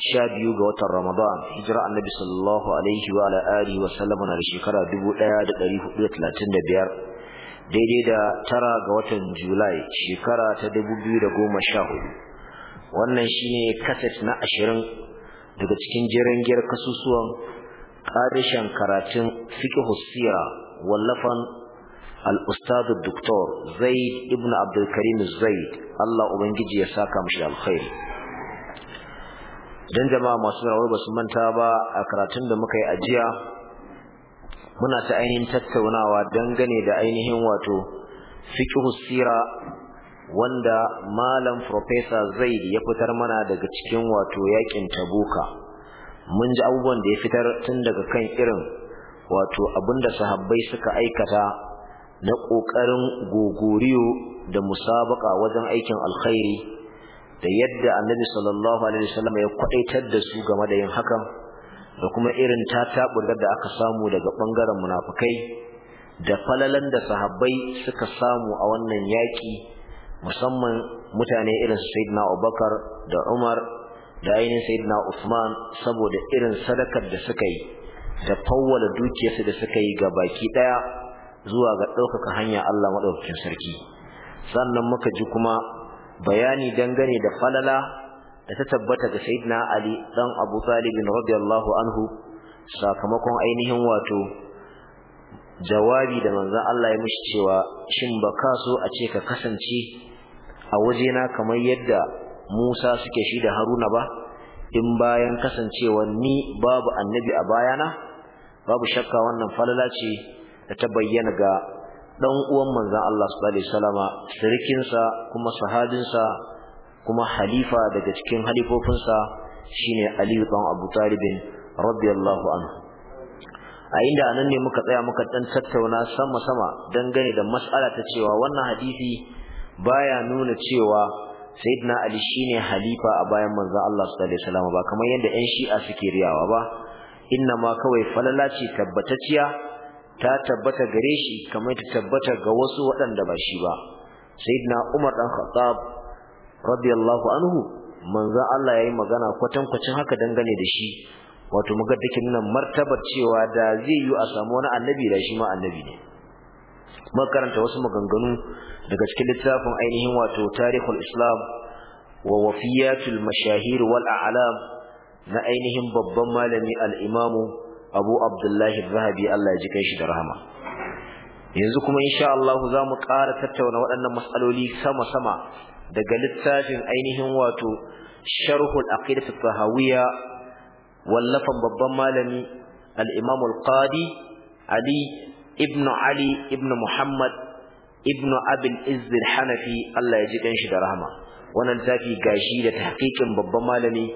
sha biyu ga watan Ramadan hijira annabi sallallahu alaihi wa ala alihi wa sallam na shekara 1435 daidai da tara ga watan Julai shekara ta 2014 wannan shine kaset na 20 daga cikin jirangiyar kasusuwan ƙarishen karatun fiqhu sira wallafan al-ustad Dr. Zaid ibn Abdul Karim Zaid Allah ubangiji ya saka mishi alkhairi idan jama'a masu rawar ba su manta ba a karatun da muka yi ajiya muna ta ainihin tattaunawa dangane da ainihin wato fiqh sira wanda malam professor zai ya fitar mana daga cikin wato yakin Tabuka mun ji abubuwan da ya fitar tun daga kan irin wato abin da sahabbai suka aikata na ƙoƙarin gogoriyo da musabaka wajen aikin alkhairi da yadda annabi sallallahu alaihi wasallam ya kwaitar da su game da yin hakan da kuma irin tataburgar da aka samu daga bangaren munafikai da falalan da sahabbai suka samu a wannan yaki musamman mutane irin sayyidina Abubakar da Umar da ainihin sayyidina Uthman saboda irin sadakar da suka yi da fawwala dukiyarsu da suka yi ga baki daya zuwa ga ɗaukaka hanya Allah madaukakin sarki sannan muka ji kuma bayani dangane da falala da ta tabbata ga sayyidina ali dan abu talib radiyallahu anhu sakamakon ainihin wato jawabi da manzon Allah ya mishi cewa shin ba ka so a ce ka kasance a wajena kamar yadda Musa suke shi da Haruna ba in bayan kasancewa ni babu annabi a bayana babu shakka wannan falala ce da ta bayyana ga dan uwan manzon Allah sallallahu alaihi wasallama sa kuma sa kuma halifa daga cikin halifofinsa shine Ali ibn Abu Talib radiyallahu anhu a inda anan ne muka tsaya muka dan tattauna sama sama gane da mas'ala ta cewa wannan hadisi baya nuna cewa sayyidina Ali shine halifa a bayan manzon Allah sallallahu alaihi wasallama ba kamar yadda ƴan shi'a suke riyawa ba inna ma kawai falala ce tabbatacciya ta tabbata gare shi kamar ta tabbata ga wasu waɗanda ba shi ba sayyidina Umar dan Khattab radiyallahu anhu manzon Allah yayi magana kwatankwacin haka dangane da shi wato muga dake nuna martabar cewa da zai yi a samu wani annabi da shi ma annabi ne muka karanta wasu maganganu daga cikin littafin ainihin wato tarihul islam wa wafiyatul mashahir wal a'lam na ainihin babban malami al-imamu abu abdullahi zahabi Allah ya ji kai shi da rahama yanzu kuma insha Allah za mu ƙara tattauna waɗannan matsaloli sama-sama daga littafin ainihin wato sharhul aqidat tahawiyya wallafan babban malami al-imam al-qadi ali ibn ali ibn muhammad ibn abil izz al-hanafi Allah ya ji kan shi da rahama wannan tafi gashi da tahqiqin babban malami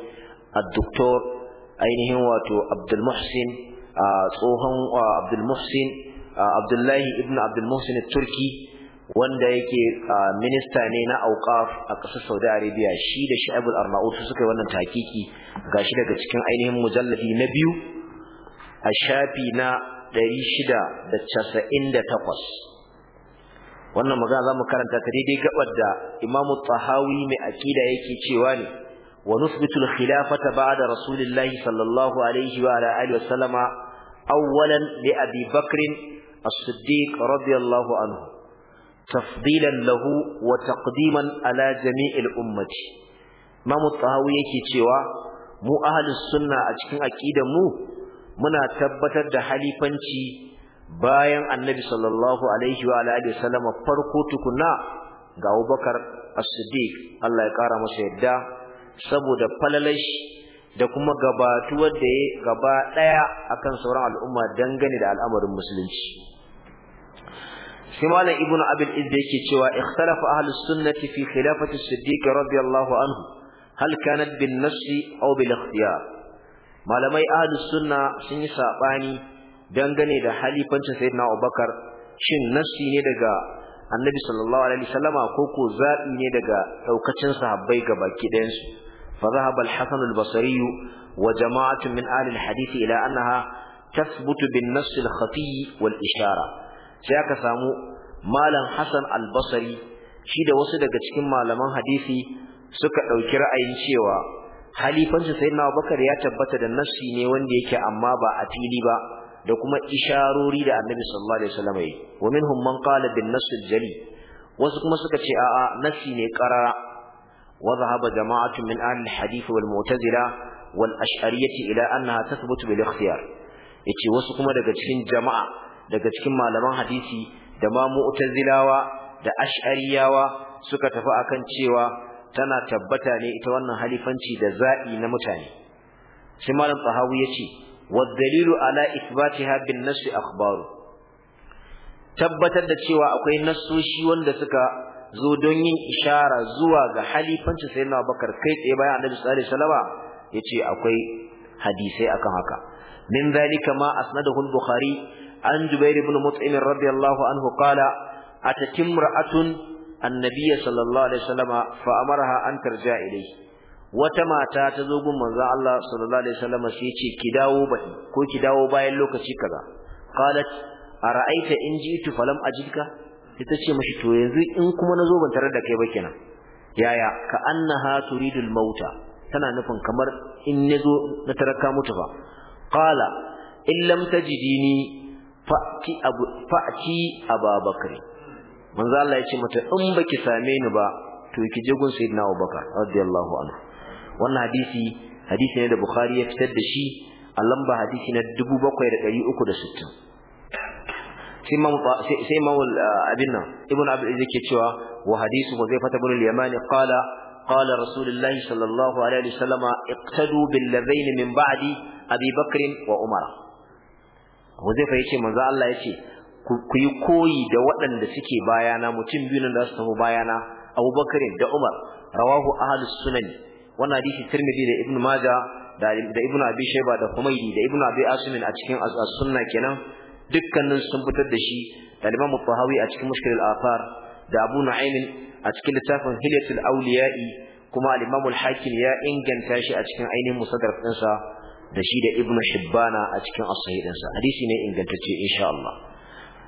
الدكتور ainihin wato Abdul Muhsin tsohon Abdul Muhsin Abdullahi ibn Abdul Muhsin Turki wanda yake minista ne na auqaf a ƙasar Saudi Arabia shi da Sha'ibul Arnaud suka yi wannan takiki gashi daga cikin ainihin mujalladi na biyu a shafi na 698 wannan magana zamu karanta ta daidai gabar da Imamu Tahawi mai akida yake cewa ne ونثبت الخلافة بعد رسول الله صلى الله عليه وعلى آله وسلم أولا لأبي بكر الصديق رضي الله عنه تفضيلا له وتقديما على جميع الأمة ما متهوي كتوا mu ahlus sunna a cikin aqidar mu muna tabbatar da halifanci bayan annabi sallallahu alaihi wa alihi farko tukuna ga Abubakar a siddiq Allah ya ƙara masa yadda saboda falalashi da kuma gabatuwar da ya gaba daya akan sauran al'umma dangane da al'amarin musulunci sai malam ibnu abil izz yake cewa ikhtalafa ahlus sunnati fi khilafati as-siddiq radiyallahu anhu hal kanat bin nafsi aw bil ikhtiyar malamai ahlus sunna sun yi sabani dangane da halifancin sayyidina abubakar shin nafsi ne daga annabi sallallahu alaihi wasallama ko ko zabi ne daga daukacin sahabbai gabaki ɗayansu فذهب الحسن البصري وجماعة من أهل الحديث إلى أنها تثبت بالنص الخفي والإشارة سياك سامو مالا حسن البصري شيد daga cikin malaman حديثي suka ɗauki ra'ayin cewa halifansa sayyidina Bakar ya tabbata da nassi ne wanda yake amma ba a fili ba da kuma isharori da Annabi sallallahu alaihi wasallam yi wa minhum man jali wasu kuma suka ce a'a nassi ne qarara وذهب جماعة من أهل الحديث والمعتزلة والأشعرية إلى أنها تثبت بالاختيار yace wasu kuma daga cikin jama'a daga cikin malaman hadisi da ma mu'tazilawa da ash'ariyawa suka tafi akan cewa tana tabbata ne ita wannan halifanci da za'i na mutane shi malam tahawi yace wad dalilu ala ithbatiha bin nass akhbaru tabbatar da cewa akwai nassoshi wanda suka zo don yin ishara zuwa ga halifancin sayyidina Abubakar kai tsaye bayan Annabi sallallahu alaihi wasallama yace akwai hadisai akan haka min zalika ma asnadahu al-Bukhari an Jubair ibn Mut'im radiyallahu anhu qala atatimra'atun annabiy sallallahu alaihi wasallama fa amaraha an tarja ilayhi wata mata ta zo gun manzo Allah sallallahu alaihi wasallam sai ce ki dawo bai ko ki dawo bayan lokaci kaza qalat ara'aita in jitu falam ajidka sai ta ce to yanzu in kuma na zo ban tare da kai ba kenan yaya ka annaha turidul mauta tana nufin kamar in nazo zo na taraka mutu ba qala in lam tajidini fa'ti abu fa'ti ababakar manzo Allah ya ce mata in baki same ni ba to ki je gun sayyidina Abubakar radiyallahu anhu wannan hadisi hadisi ne da Bukhari ya fitar da shi a lamba hadisi na 7360 sai mamu sai mamu eh, abin nan ibnu abdul aziz yake cewa wa hadisu huzaifa ibn al-yaman qala qala rasulullahi sallallahu alaihi wasallam iqtadu bil ladaini min ba'di abi bakr wa umar huzaifa yace manzo Allah yace ku yi koyi da waɗanda suke bayana mutum biyu nan da su tafi bayana abubakar da umar rawahu ahlus sunani wannan hadisi tirmidhi da ibnu maja da ibnu abi shayba da humaydi da ibnu abi asim a cikin as-sunna kenan dukkanin sun fitar da shi daliban mufahawi a cikin mushkilul afar da abu nu'aymin a cikin littafin hilyatul awliya'i kuma al-imam al-hakim ya inganta shi a cikin ainihin musaddar ɗinsa da shi da ibnu hibbana a cikin as-sahih ɗinsa hadisi ne ingantacce insha Allah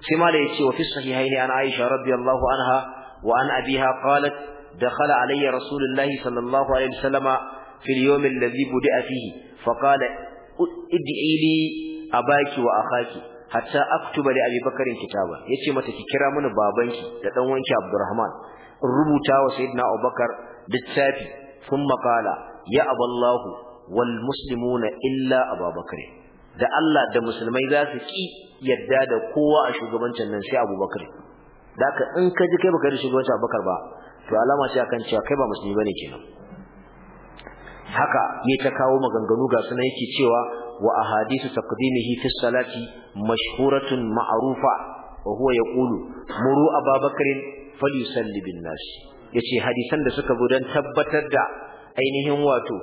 sai ma da yace wa fi sahihaini an Aisha radiyallahu anha wa an abiha qalat dakhala alayya rasulullahi sallallahu alaihi wasallama في اليوم الذي بدأ فيه فقال ادعي abaki, wa وأخاك hatta aktuba li Abi Bakarin kitaba yace mata ki kira mana babanki da dan wanki Abdurrahman rubuta wa sayyidina Abubakar littafi kun makala, ya aballahu wal muslimuna illa Abubakar da Allah da musulmai za su ki yadda da kowa a shugabancin nan sai Abubakar daka in ka ji kai baka da shugabancin Abubakar ba to alama ce akan cewa kai ba musulmi bane kenan haka yayi ta kawo maganganu ga sunan yake cewa wa ahadithu taqdimihi fi salati mashhuratun ma'rufa wa huwa yaqulu muru ababakarin falyusalli bin nas yace hadisan da suka budan tabbatar da ainihin wato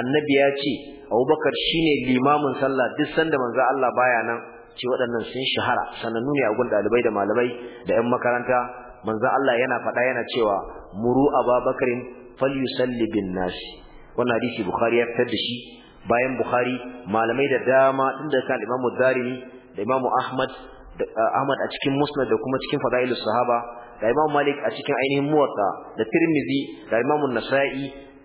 annabi ya ce abubakar shine limamin sallah duk sanda manza Allah baya nan ce waɗannan sun shahara sanannu ne a gun dalibai da malamai da 'yan makaranta manza Allah yana faɗa yana cewa muru ababakarin falyusalli bin nas wannan hadisi bukhari ya fitar da shi bayan bukhari malamai da dama tun da kan imamu darimi da imamu ahmad da ah, ahmad a cikin musnad da kuma cikin fadailus sahaba da imamu malik a cikin ainihin muwatta da tirmizi da imamu nasa'i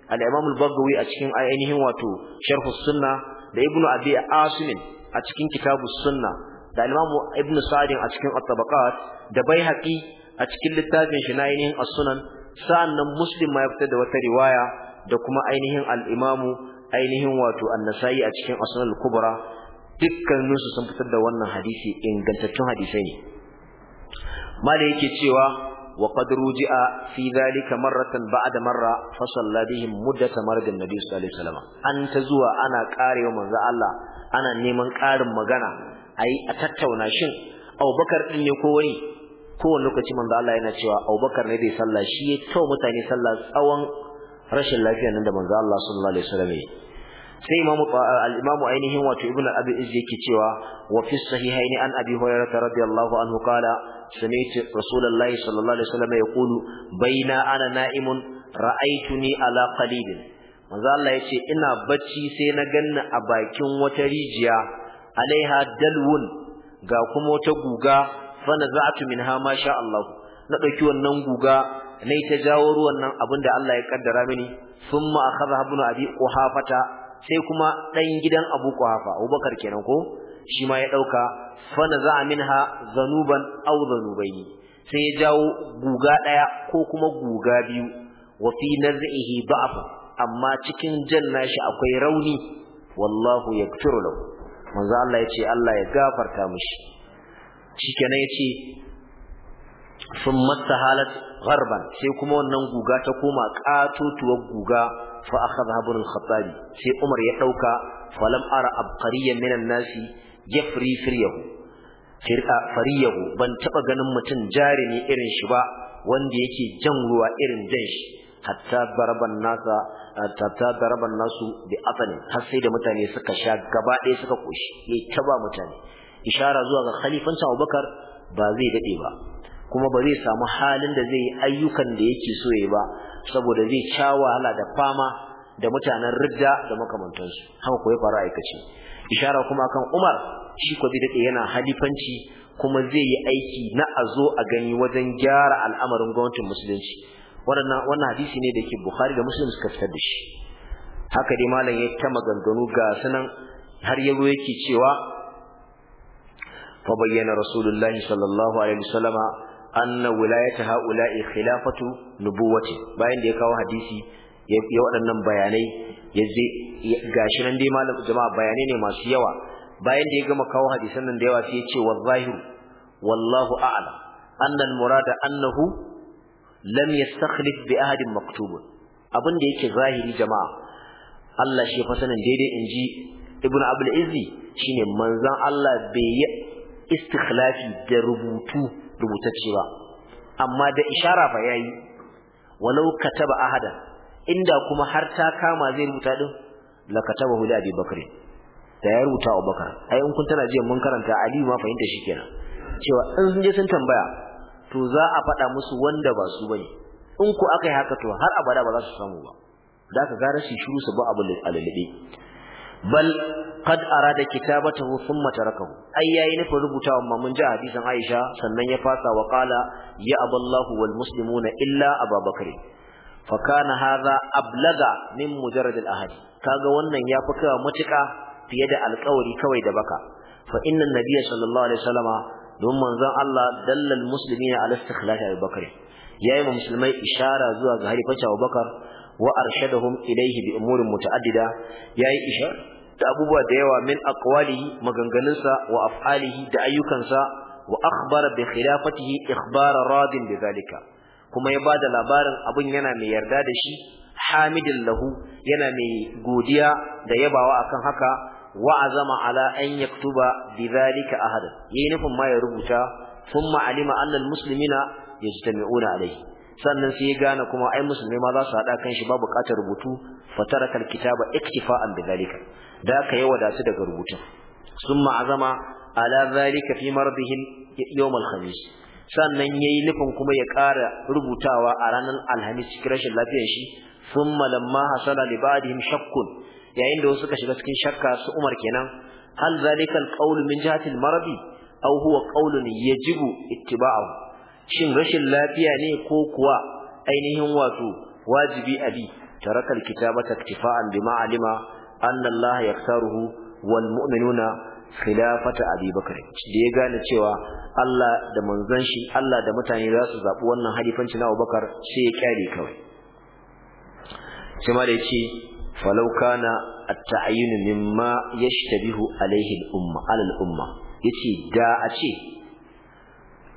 da imamu bagawi a cikin ainihin wato sharhu sunna da ibnu abi asimin a cikin kitabus sunna da imamu ibnu Sadi a cikin at-tabaqat da baihaqi a cikin littafin shi na ainihin as-sunan sa'annan muslim ma ya fitar da wata riwaya da kuma ainihin al ainihin wato annasai a cikin asnal kubra dukkaninsu sun fitar da wannan hadisi ingantattun hadisai ne mala yake cewa wa qad ruji'a fi zalika marratan ba'da marra fa salla bihim muddat maradin nabi sallallahu alaihi wasallam an ta zuwa ana karewa manzo Allah ana neman karin magana ai a tattauna shin Abubakar din ne ko wani lokaci manzo Allah yana cewa Abubakar ne bai sallah shi ya tawo mutane sallah tsawon rashin lafiyar nan da manzo Allah sallallahu alaihi wasallam sai imamu al-imamu ainihin wato ibnu abi iz yake cewa wa fi an abi hurairah radiyallahu anhu qala sami'tu rasulullahi sallallahu alaihi wasallam yaqulu baina ana na'imun ra'aituni ala qalibin manzo Allah yace ina bacci sai na ganna a bakin wata rijiya alaiha dalwun ga kuma wata guga fa naza'tu minha ma sha Allah na dauki wannan guga nai ta jawo ruwan nan abin da Allah ya kaddara mini thumma akhadha ibn abi quhafata sai kuma ɗan gidan abu quhafa abubakar kenan ko shi ma ya dauka fa min minha zanuban aw zanubaini sai ya jawo guga ɗaya ko kuma guga biyu wa fi naz'ihi ba'fa amma cikin janna shi akwai rauni wallahu yaghfiru lahu manzo Allah ya ce Allah ya gafarta mishi shikenan ya ce sun mastahalat gharban sai kuma wannan guga ta koma katotuwar guga fa akhadha ibn khattabi sai Umar ya dauka falam ara abqariyan minan nasi jafri firyahu firqa fariyahu ban taba ganin mutum jarimi irin shi ba wanda yake jan ruwa irin dan shi hatta daraban nasa hatta daraban nasu bi afani har sai da mutane suka sha gaba ɗaya suka koshi ne taba mutane ishara zuwa ga khalifancin Abubakar ba zai dade ba kuma ba zai samu halin da zai yi ayyukan da yake so yi ba saboda zai sha wahala da fama da mutanen ridda da makamantansu haka ko ya faru aikace ishara kuma kan Umar shi ko zai dade yana halifanci kuma zai yi aiki na azo a gani wajen gyara al'amarin gwamnatin musulunci wannan wannan hadisi ne da ke Bukhari da Muslim suka fitar da shi haka dai malam ya ta maganganu ga sanan har yazo yake cewa fa bayyana rasulullahi sallallahu alaihi wasallama anna wilayata haula'i khilafatu nubuwati bayan da ya kawo hadisi ya waɗannan bayanai ya je gashi nan dai malam jama'a bayanai ne masu yawa bayan da ya gama kawo hadisan nan da yawa sai ya ce zahiru? wallahu a'lam anna al-murada annahu lam yastakhlif bi ahadin maktub abin da yake zahiri jama'a Allah shi fa sanin daidai ji. ibnu abul izzi shine manzon Allah bai yi istikhlafi da rubutu rubutacce ba amma da ishara fa yayi walau kataba ahada inda kuma har ta kama zai rubuta din la kataba hu abi bakr da ya rubuta wa Bakar ai in kun tana jiya mun karanta Ali ma fahimta shi shikenan cewa in sun je sun tambaya to za a faɗa musu wanda ba su bane in ku aka yi haka to har abada ba za su samu ba da ka gara shi shiru su ba abu alalade bal qad arada kitabatahu thumma tarakahu ai yayi nufin rubutawa amma mun ji hadisin Aisha sannan ya fasa wa qala ya aballahu wal muslimuna illa ababakar fa kana hadha ablaga min mujarrad al ahad kaga wannan ya fi kawa matuka fiye da alƙawari kawai da baka fa inna nabiyya sallallahu alaihi wasallama don manzon Allah dallal muslimina ala istikhlaf abubakar yayi wa musulmai ishara zuwa ga halifaci abubakar wa arshadahum ilayhi bi umurin muta'addida yayi isha da abubuwa da yawa min aqwalihi maganganunsa wa af'alihi da ayyukansa wa akhbara bi khilafatihi ikhbara radin bi zalika kuma ya bada labarin abin yana mai yarda da shi hamidin lahu yana mai godiya da yabawa akan haka wa azama ala an yaktuba bi zalika ahadan yayi nufin ma ya rubuta thumma alima anna al muslimina yajtami'una alayhi sannan sai ya gane kuma ai musulmai ma za su hada kan shi ba buƙatar rubutu fatarakal kitaba iktifa'an bidhalika da ka yi da daga rubutun summa azama ala zalika fi mardihi yawm al-khamis sannan yayi nufin kuma ya ƙara rubutawa a ranar alhamis cikin rashin lafiyar shi summa lamma hasala li ba'dihim shakkun yayin da wasu suka shiga cikin shakka su Umar kenan hal zalika al-qawlu min jihati al-maradi aw huwa qawlun yajibu ittiba'uhu shin rashin lafiya ne ko kuwa ainihin wato wajibi abi taraka alkitabata iktifa'an bima alima anna Allah yaktaruhu wal mu'minuna khilafata Abi Bakr da ya gane cewa Allah da manzon shi Allah da mutane za su zabi wannan halifanci na Abu Bakar sai ya kyale kawai sai da yace falau kana at-ta'yin mimma yashtabihu alaihi al-umma al-umma yace da a ce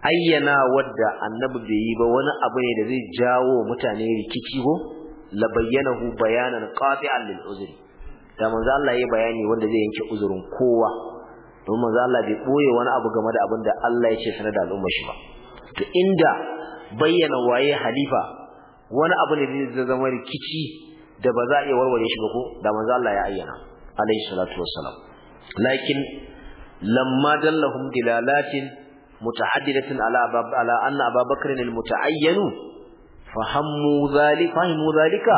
ayyana wadda annabi bai yi ba wani abu ne da zai jawo mutane rikici ko la bayyanahu bayanan qati'an lil uzri da manzo Allah bayani wanda zai yanke uzurin kowa don manzo Allah bai boye wani abu game da abin da Allah ya ce sanar da al'umma shi ba to inda bayyana waye halifa wani abu ne zai zama rikici da ba za a iya warware shi ba ko da manzo Allah ya ayyana alayhi salatu wassalam lakin lamma dallahum dilalatin mutaaddidatin ala abab ala anna ababakrin almutaayyanu fahammu zalika fahimu zalika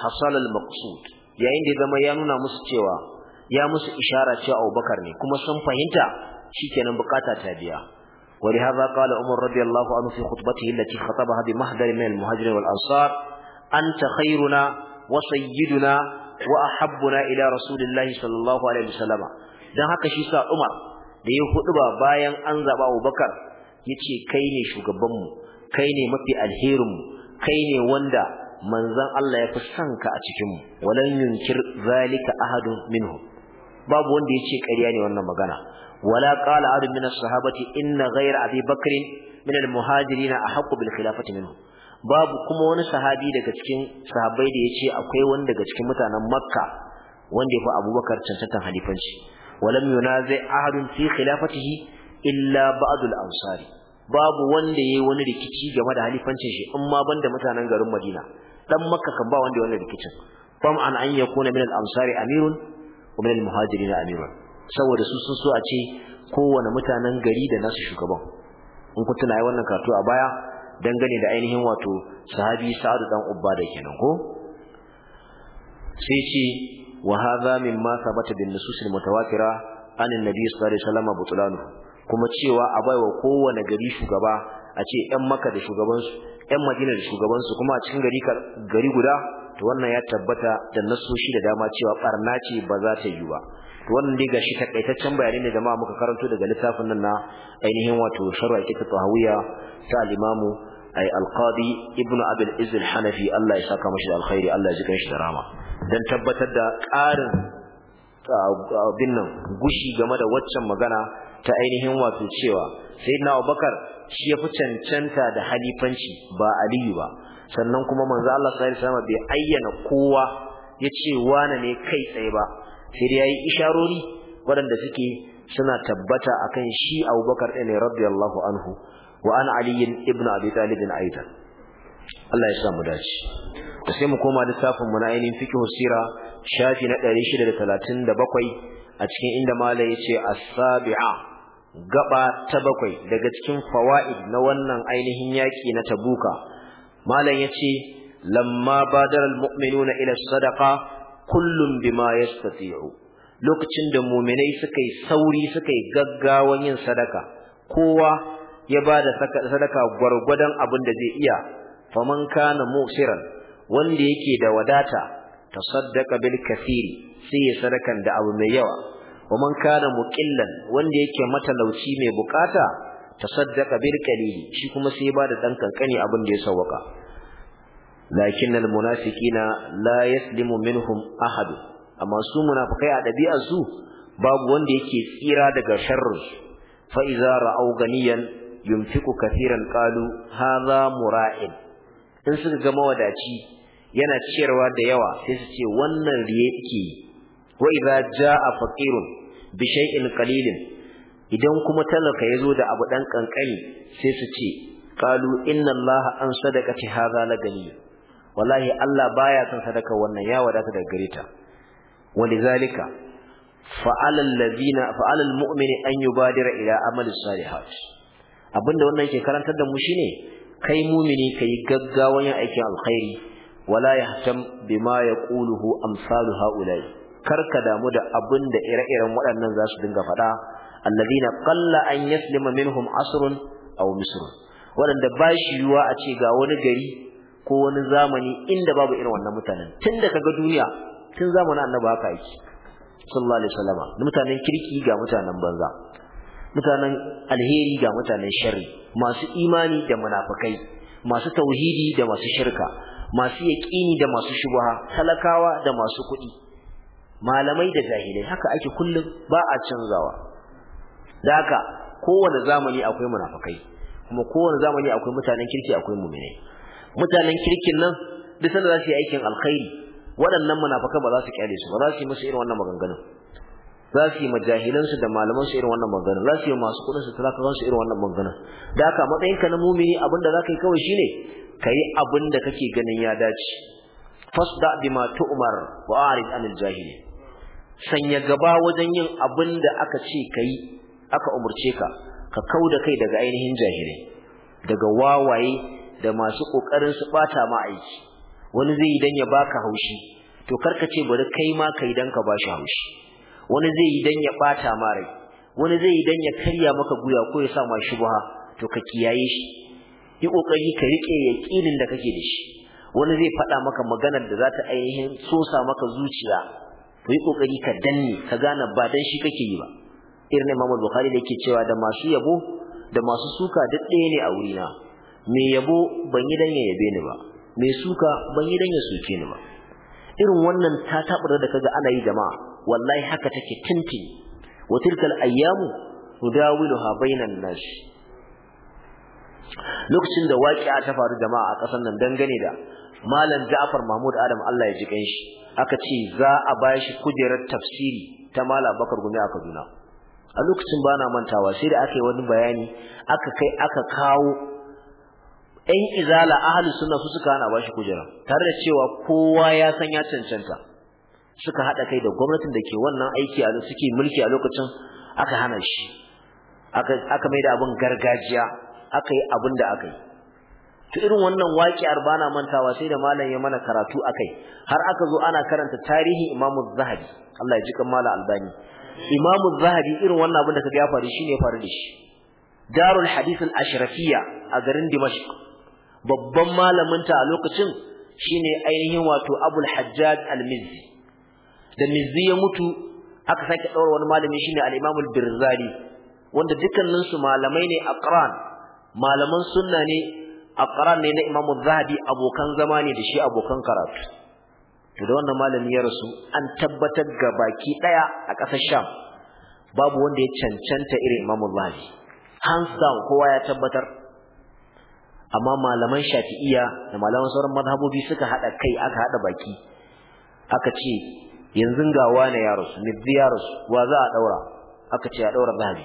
hasal almaqsud yayin da ya zama ya nuna musu cewa ya musu ishara cewa abubakar ne kuma sun fahimta shikenan bukata ta biya wa li hadha qala umar radiyallahu anhu fi khutbatihi allati khatabaha bi mahdar min almuhajirin wal ansar anta khayruna wa sayyiduna wa ahabbuna ila rasulillahi sallallahu alaihi wasallam dan haka shi sa umar da ya hudu ba bayan an zaba Abubakar yace kai ne shugabanmu kai ne mafi alherinmu kai ne wanda manzon Allah ya fi son ka a cikin mu walan yunkir zalika ahadun minhum babu wanda yace ƙarya ne wannan magana wala qala ahadun min ashabati sahabati inna ghayra Abi Bakr min almuhajirin ahqqu bil khilafati minhu babu kuma wani sahabi daga cikin sahabbai da yace akwai wanda daga cikin mutanen Makka wanda ya fi Abubakar cancantan halifanci ولم ينازع ahadun في خلافته illa بعض al-ansari babu wanda yayi wani rikici game da halifancin shi in ma banda mutanen garin Madina dan Makka kan ba wanda yayi wani rikicin fam an an yakuna min al-ansari amirun wa min al-muhajirin amirun saboda su sun so a ce kowane mutanen gari da nasu shugaban in ku tuna wannan karatu a baya dangane da ainihin wato sahabi Sa'ad dan Ubba da kenan ko sai ce wa hadha mimma thabata bin nusus mutawatira an annabi sallallahu alaihi wasallam butulanu kuma cewa a baiwa kowane gari shugaba a ce yan maka da shugabansu kuma a cikin gari guda to wannan ya tabbata da nasoshi da dama cewa barna ce ba za ta yi ba to wannan dai gashi takaitaccen bayani ne jama'a muka karanto daga littafin nan na ainihin wato sharh kitab tahawiyya ta al-imamu ay al-qadi ibnu abul izz al-hanafi Allah ya saka mashi da alkhairi Allah ya jika shi da rama don tabbatar da ƙarin ah, abin nan gushi game da waccan magana ta ainihin wato cewa sayyidina Abubakar shi ya fi cancanta da halifanci ba Aliyu ba sannan kuma manzo Allah sallallahu alaihi bai ayyana kowa ya ce wane ne kai tsaye ba sai dai yayi isharori waɗanda suke suna tabbata akan shi Abubakar ɗin ne radiyallahu anhu wa an Ali ibn Abi Talib aidan Allah ya sa mu dace da sai mu koma littafin mu na ainihin fiqh sira shafi na 637 a cikin inda mala yace as-sabi'a gaba ta bakwai daga cikin fawaid na wannan ainihin yaki na tabuka malam yace lamma badara al na ila sadaqa kullun bima yastati'u lokacin da mu'minai suka yi sauri suka yi gaggawan yin sadaka kowa ya ba da sadaka gwargwadon abin da zai iya faman kana musiran wanda yake da wadata tasaddaqa bil kathiri sai ya sadakan da abu mai yawa wa man kana muqillan wanda yake matalauci mai bukata tasaddaqa bil qalili shi kuma sai ba da dan kankani abin da ya sawaka lakin al munafiqina la yaslimu minhum ahad amma su munafikai a dabi'ar su babu wanda yake tsira daga sharri fa idza ra'aw ganiyan yumtiku kathiran qalu hadha mura'in in suka ga mawadaci yana ciyarwa da yawa sai su ce wannan riye yake wa idza jaa faqirun bi shay'in qalilin idan kuma talaka yazo da abu dan kankani sai su ce qalu inna allaha an ti hadha la gani wallahi allah baya son sadaka wannan ya wadata da gareta walizalika fa'ala allazina fa'ala almu'mini an yubadira ila amali salihat abinda wannan ke karantar da mu shine kai mumini kai gaggawan yin aikin alkhairi wala yahtam bima yaquluhu amsalu haula'i karka damu da abin da ire-iren waɗannan za su dinga faɗa alladina qalla an yaslima minhum asrun aw misrun waɗanda ba shi yiwa a ce ga wani gari ko wani zamani inda babu irin wannan mutanen Tunda da kaga duniya tun zamanin annabi haka yake sallallahu alaihi wasallama mutanen kirki ga mutanen banza mutanen alheri ga mutanen sharri masu imani da munafikai masu tauhidi da masu shirka masu yaƙini da masu shubha talakawa da masu kuɗi malamai da jahilai haka ake kullum ba a canzawa da haka kowane zamani akwai munafikai kuma kowane zamani akwai mutanen kirki akwai mu'minai mutanen kirkin nan duk sanda za su yi aikin alkhairi waɗannan munafikan ba za su kyale su ba za su yi musu irin wannan maganganun za su yi majahilansu da malamansu irin wannan magana za su yi masu kudin su talakawansu irin wannan magana da haka matsayinka na mumini abin da za ka kawai shine ka yi abin da kake ganin ya dace fasda bima umar wa arid anil jahili sanya gaba wajen yin abin da aka ce ka yi aka umurce ka ka kau da kai daga ainihin jahilai daga wawaye da masu kokarin su bata ma aiki wani zai yi dan ya baka haushi to karka ce bari kai ma kai dan ka bashi haushi wani zai yi dan ya bata ma rai wani zai yi dan ya karya maka guya ko ya sa ma shubha to ka kiyaye shi yi kokari ka rike yaqinin da kake da shi wani zai faɗa maka maganar da za ta ainihin sosa maka zuciya to yi kokari ka danne ka gane ba dan shi kake yi ba irin Imam Bukhari da yake cewa da masu yabo da masu suka duk ɗaya ne a wurina me yabo ban yi dan ya yabe ni ba me suka ban yi dan ya suke ni ba irin wannan ta tabar da kaga ana yi jama'a wallahi haka take tintin wa tilkal ayyamu tudawiluha bainan nas lokacin da waƙi'a ta faru jama'a a ƙasar nan dangane da malam Ja'far Mahmud Adam Allah ya ji shi aka ce za a bashi kujerar tafsiri ta malam Bakar Gumi a Kaduna a lokacin bana mantawa sai da aka yi wani bayani aka kai aka kawo ɗan izala ahalus sunna su suka hana bashi kujera tare da cewa kowa ya san ya cancanta suka haɗa kai da gwamnatin da ke wannan aiki a suke mulki a lokacin aka hana shi aka mai da abin gargajiya aka yi abin da aka yi to irin wannan waƙiyar bana mantawa sai da malam ya mana karatu akai har aka zo ana karanta tarihi Imam Zahabi Allah ya ji kan malam Albani Imam Zahabi irin wannan abin da kaga ya faru shine ya faru da shi Darul Hadith al-Ashrafiyya a garin Dimashq babban malaminta a lokacin shine ainihin wato Abul Hajjaj al-Mizzi da mizzi ya mutu aka sake daura wani malami shine al-Imam al-Birzali wanda dukkanin su malamai ne aqran malaman sunna ne aqran ne na Imam Zahabi abokan zama ne da shi abokan karatu to da wannan malami ya rasu an tabbatar ga baki daya a kasar Sham babu wanda ya cancanta irin Imam Zahabi hands down kowa ya tabbatar amma malaman Shafi'iyya da malaman sauran madhabobi suka hada kai aka hada baki aka ce yanzu ga wani ya rasu middi ya rasu wa za a daura aka ce a daura zabi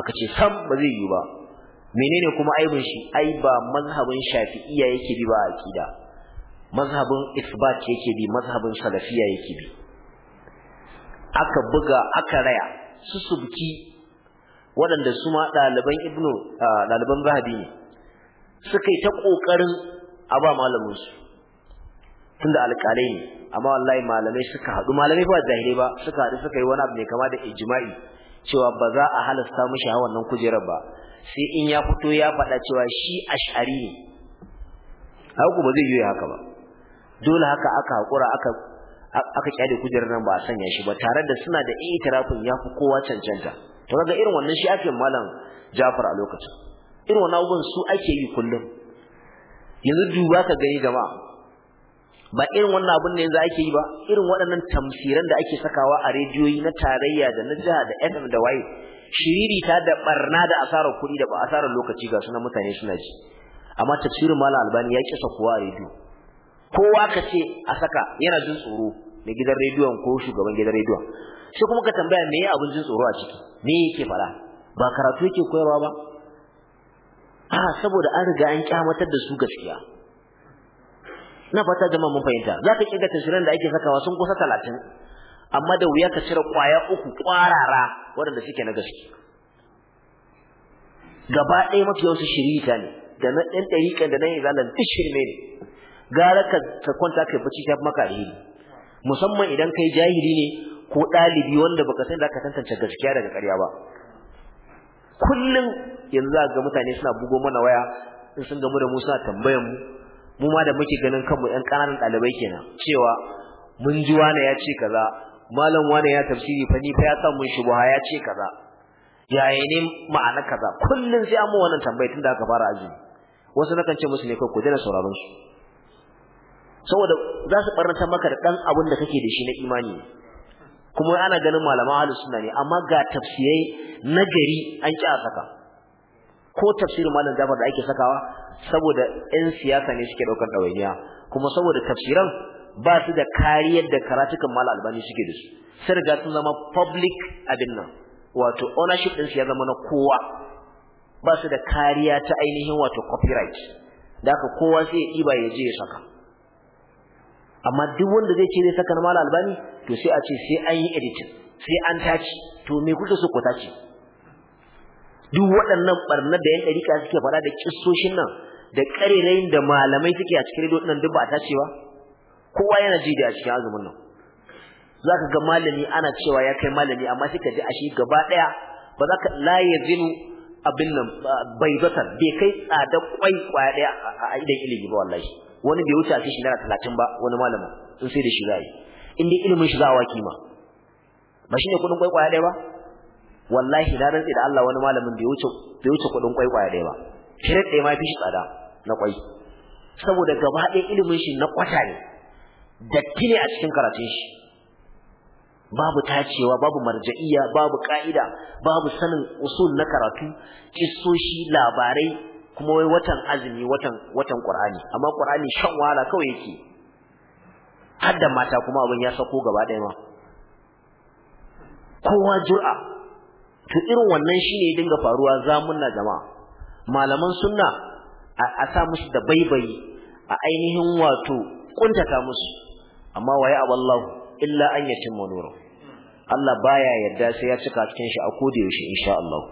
aka ce sam ba zai yi ba menene kuma aibin shi ai ba mazhabin shafi'iyya yake bi ba akida mazhabin isbat yake bi mazhabin salafiyya yake bi aka buga aka raya su subki waɗanda su ma ɗaliban ibnu ɗaliban zahabi ne suka yi ta ƙoƙarin a ba malaminsu tunda alƙalai ne amma wallahi malamai suka haɗu malamai ba zahiri ba suka haɗu suka yi wani abu mai kama da ijma'i cewa ba za a halasta mishi a wannan kujerar ba sai in ya fito ya faɗa cewa shi ash'ari ne Haku ba zai yi haka ba dole haka aka haƙura aka aka kyale kujerar nan ba a sanya shi ba tare da suna da itirafin ya fi kowa cancanta to kaga irin wannan shi ake malam Jafar a lokacin irin wannan abubuwan su ake yi kullum yanzu duba ka gani jama'a ba irin wannan abun ne yanzu ake yi ba irin waɗannan tamsiran da ake sakawa a rediyoyi na tarayya da na jiha da FM da waye ta da barna da asarar kuɗi da asarar lokaci ga sunan mutane suna ji amma tafsirin malam albani ya kisa kowa a rediyo kowa ka ce a saka yana jin tsoro na gidan rediyon ko shugaban gidan rediyon sai kuma ka tambaya me abin jin tsoro a ciki me yake fara ba karatu yake koyarwa ba a saboda an riga an kyamatar da su gaskiya na fata jama'a mun fahimta zaka kiga tashirin da ake sakawa sun kusa talatin, amma da wuya ka cire kwaya uku kwarara waɗanda suke na gaske gaba ɗaya mafi yawansu shirita ne da na ɗan ɗariƙan da na yi zalan duk shirme ne gara ka kwanta kai bacci ta maka alheri musamman idan kai jahili ne ko ɗalibi wanda baka san da ka tantance gaskiya daga ƙarya ba kullum yanzu za ga mutane suna bugo mana waya in sun gamu da mu suna tambayan mu mu ma da muke ganin kanmu ɗan ƙananan ɗalibai kenan cewa mun ji wane ya ce kaza malam wane ya tafsiri fa ni fa ya san mun shubha ya ce kaza yayi ne ma'ana kaza kullun sai an mu wannan tambayi tun da aka fara azumi wasu nakan ce musu ne kai ku dena sauraron su saboda za su barnata maka da ɗan abin da kake da shi na imani kuma ana ganin malaman ahlus sunna ne amma ga tafsirai nagari an ki a saka ko tafsirin malam Jafar da ake sakawa saboda ɗan siyasa ne suke ɗaukar ɗawainiya, kuma saboda tafsiran ba su da kariyar da karatukan malam Albani suke da su sai riga sun zama public abin nan wato ownership din su ya zama na kowa ba su da kariya ta ainihin wato copyright da aka kowa sai ya ɗiba ya je ya saka amma duk wanda zai ce zai saka na malam Albani to sai a ce sai an yi editing sai an tace to me kuka so ku tace duk waɗannan barna da yan ɗarika suke faɗa da kissoshin nan da ƙarerayin da malamai suke a cikin rediyo nan duk ba a cewa? kowa yana ji da a cikin azumin nan za ka ga malami ana cewa ya kai malami amma sai ka ji a shi gaba ɗaya ba za ka laye zinu abin nan bai zata, bai kai tsada kwai kwaya ɗaya a idan ilimi ba wallahi wani bai wuce a cikin shekara talatin ba wani malamin in sai da shi za yi in dai ilimin shi za a wa kima ba shi ne kuɗin kwai kwaya ɗaya ba wallahi na rantsi da Allah wani malamin bai wuce bai wuce kudin kwai kwaya ɗaya ba shirin ɗaya ma fi shi tsada na kwai saboda gaba ɗaya ilimin shi na kwata ne datti ne a cikin karatun shi babu tacewa babu marja'iya babu ka'ida babu sanin usul na karatu kissoshi labarai kuma wai watan azumi watan watan qur'ani amma qur'ani shan wahala kawai yake hadda mata kuma abin ya sako gaba ɗaya ma kowa jur'a to irin wannan shine ya dinga faruwa zamunna jama'a malaman sunna a sa musu da baibayi a ainihin wato kuntata musu amma waye wallahu illa an yatimma nuru Allah baya yadda sai ya cika cikin shi a koda yaushe insha Allah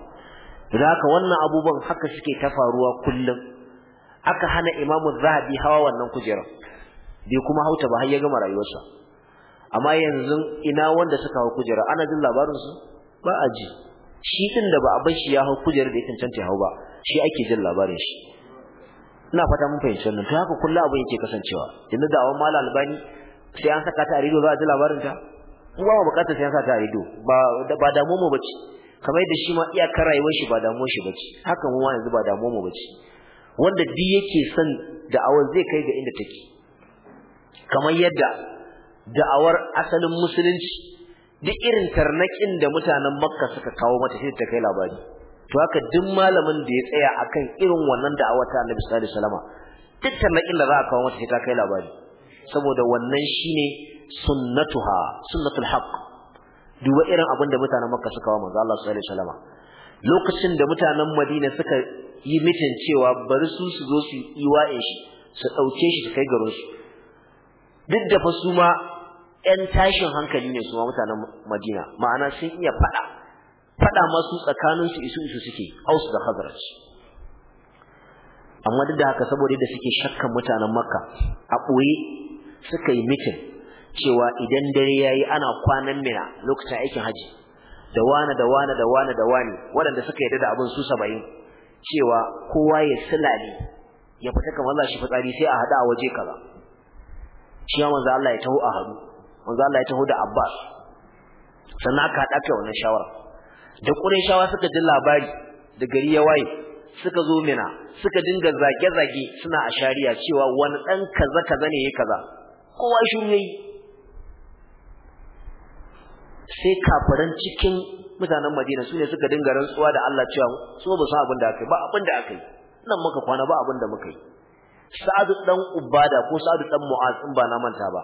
idan haka wannan abubuwan haka suke ta faruwa kullum aka hana imamu Zahabi hawa wannan kujerar bai kuma hauta ba har ya gama rayuwarsa amma yanzu ina wanda suka hau kujera ana jin labarin su ba a ji shi din da ba a bar shi ya hau kujerar da yake cancanta hau ba shi ake jin labarin shi ina fata mun fahimci wannan to haka kullu abin yake kasancewa yanzu da awon mala albani sai an saka ta a rido za a ji labarin ta kuma ba bukatar sai an saka ta a rido ba ba damu mu bace kamar da shi ma iyakar rayuwar shi ba damu shi bace haka mu yanzu ba damu mu bace wanda di yake son da'awar zai kai ga inda take kamar yadda da'awar asalin musulunci duk irin tarnaƙin da mutanen makka suka kawo mata shi ta kai labari to haka duk malamin da ya tsaya akan irin wannan da'awa ta annabi sallallahu alaihi wasallam duk tarnaƙin da za a kawo mata shi ta kai labari saboda wannan shine sunnatuha sunnatul haqq duba irin abin da mutanen makka suka kawo manzo Allah sallallahu alaihi wasallam lokacin da mutanen madina suka yi mitin cewa bari su su zo su yi iwa'in shi su dauke shi su kai garin su duk da fa su ma Yan tashin hankali ne su ma mutanen Madina ma'ana sun iya faɗa faɗa masu tsakanin su isu isu suke Aus da Khazraj amma duk da haka saboda da suke shakkan mutanen Makka a ɓoye suka yi mitin cewa idan dare ya yi ana kwanan mina lokacin aikin haji da wane da wane da wane da wane waɗanda suka yarda da abin su saba'in cewa kowa ya silale ya fita kamar Allah shi fitsari sai a haɗa a waje kaza shi ya manzo Allah ya taho a hadu manzo Allah ya taho da Abbas sannan aka haɗa kai wannan shawara da shawa suka ji labari da gari ya waye suka zo mina suka dinga zage-zage suna a shari'a cewa wani ɗan kaza-kaza ne ya kaza kowa shi ne sai kafiran cikin mutanen Madina su ne suka dinga rantsuwa da Allah cewa su ba su abin da aka yi ba abin da aka yi nan muka kwana ba abin da muka yi Sa'adu dan Ubada ko Sa'adu dan Mu'az in ba na manta ba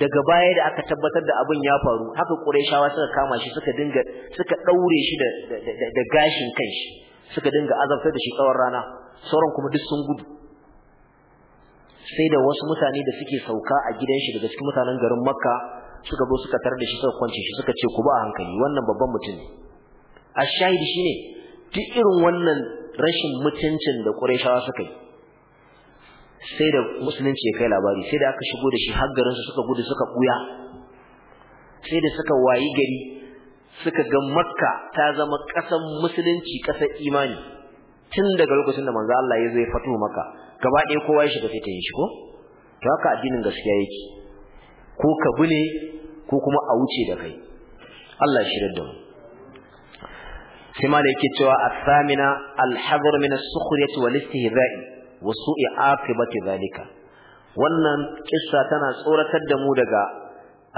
daga baya da aka tabbatar da abin ya faru haka Qurayshawa suka kama shi suka dinga suka daure shi da da gashin kanshi suka dinga azabtar da shi tsawon rana sauran kuma duk sun gudu sai da wasu mutane da suke sauka a gidan shi daga cikin mutanen garin Makka suka zo suka tar da shi suka kwance shi suka ce ku ba hankali wannan babban mutum ne A shahidi shine duk irin wannan rashin mutuncin da Qurayshawa suka yi sai da musulunci ya kai labari sai da aka shigo da shi har su suka gudu suka buya sai da suka wayi gari suka ga makka ta zama kasan musulunci kasan imani tun daga lokacin da manzo Allah ya zo ya fito maka gaba ɗaya kowa ya shiga fitin shi ko to haka addinin gaskiya yake ko ka bune ko kuma a wuce da kai Allah ya shirya da mu sai ma da yake cewa as-samina al-hadr min as-sukhriyati wal-istihza'i wasu i'aqibati zalika wannan kissa tana tsoratar da mu daga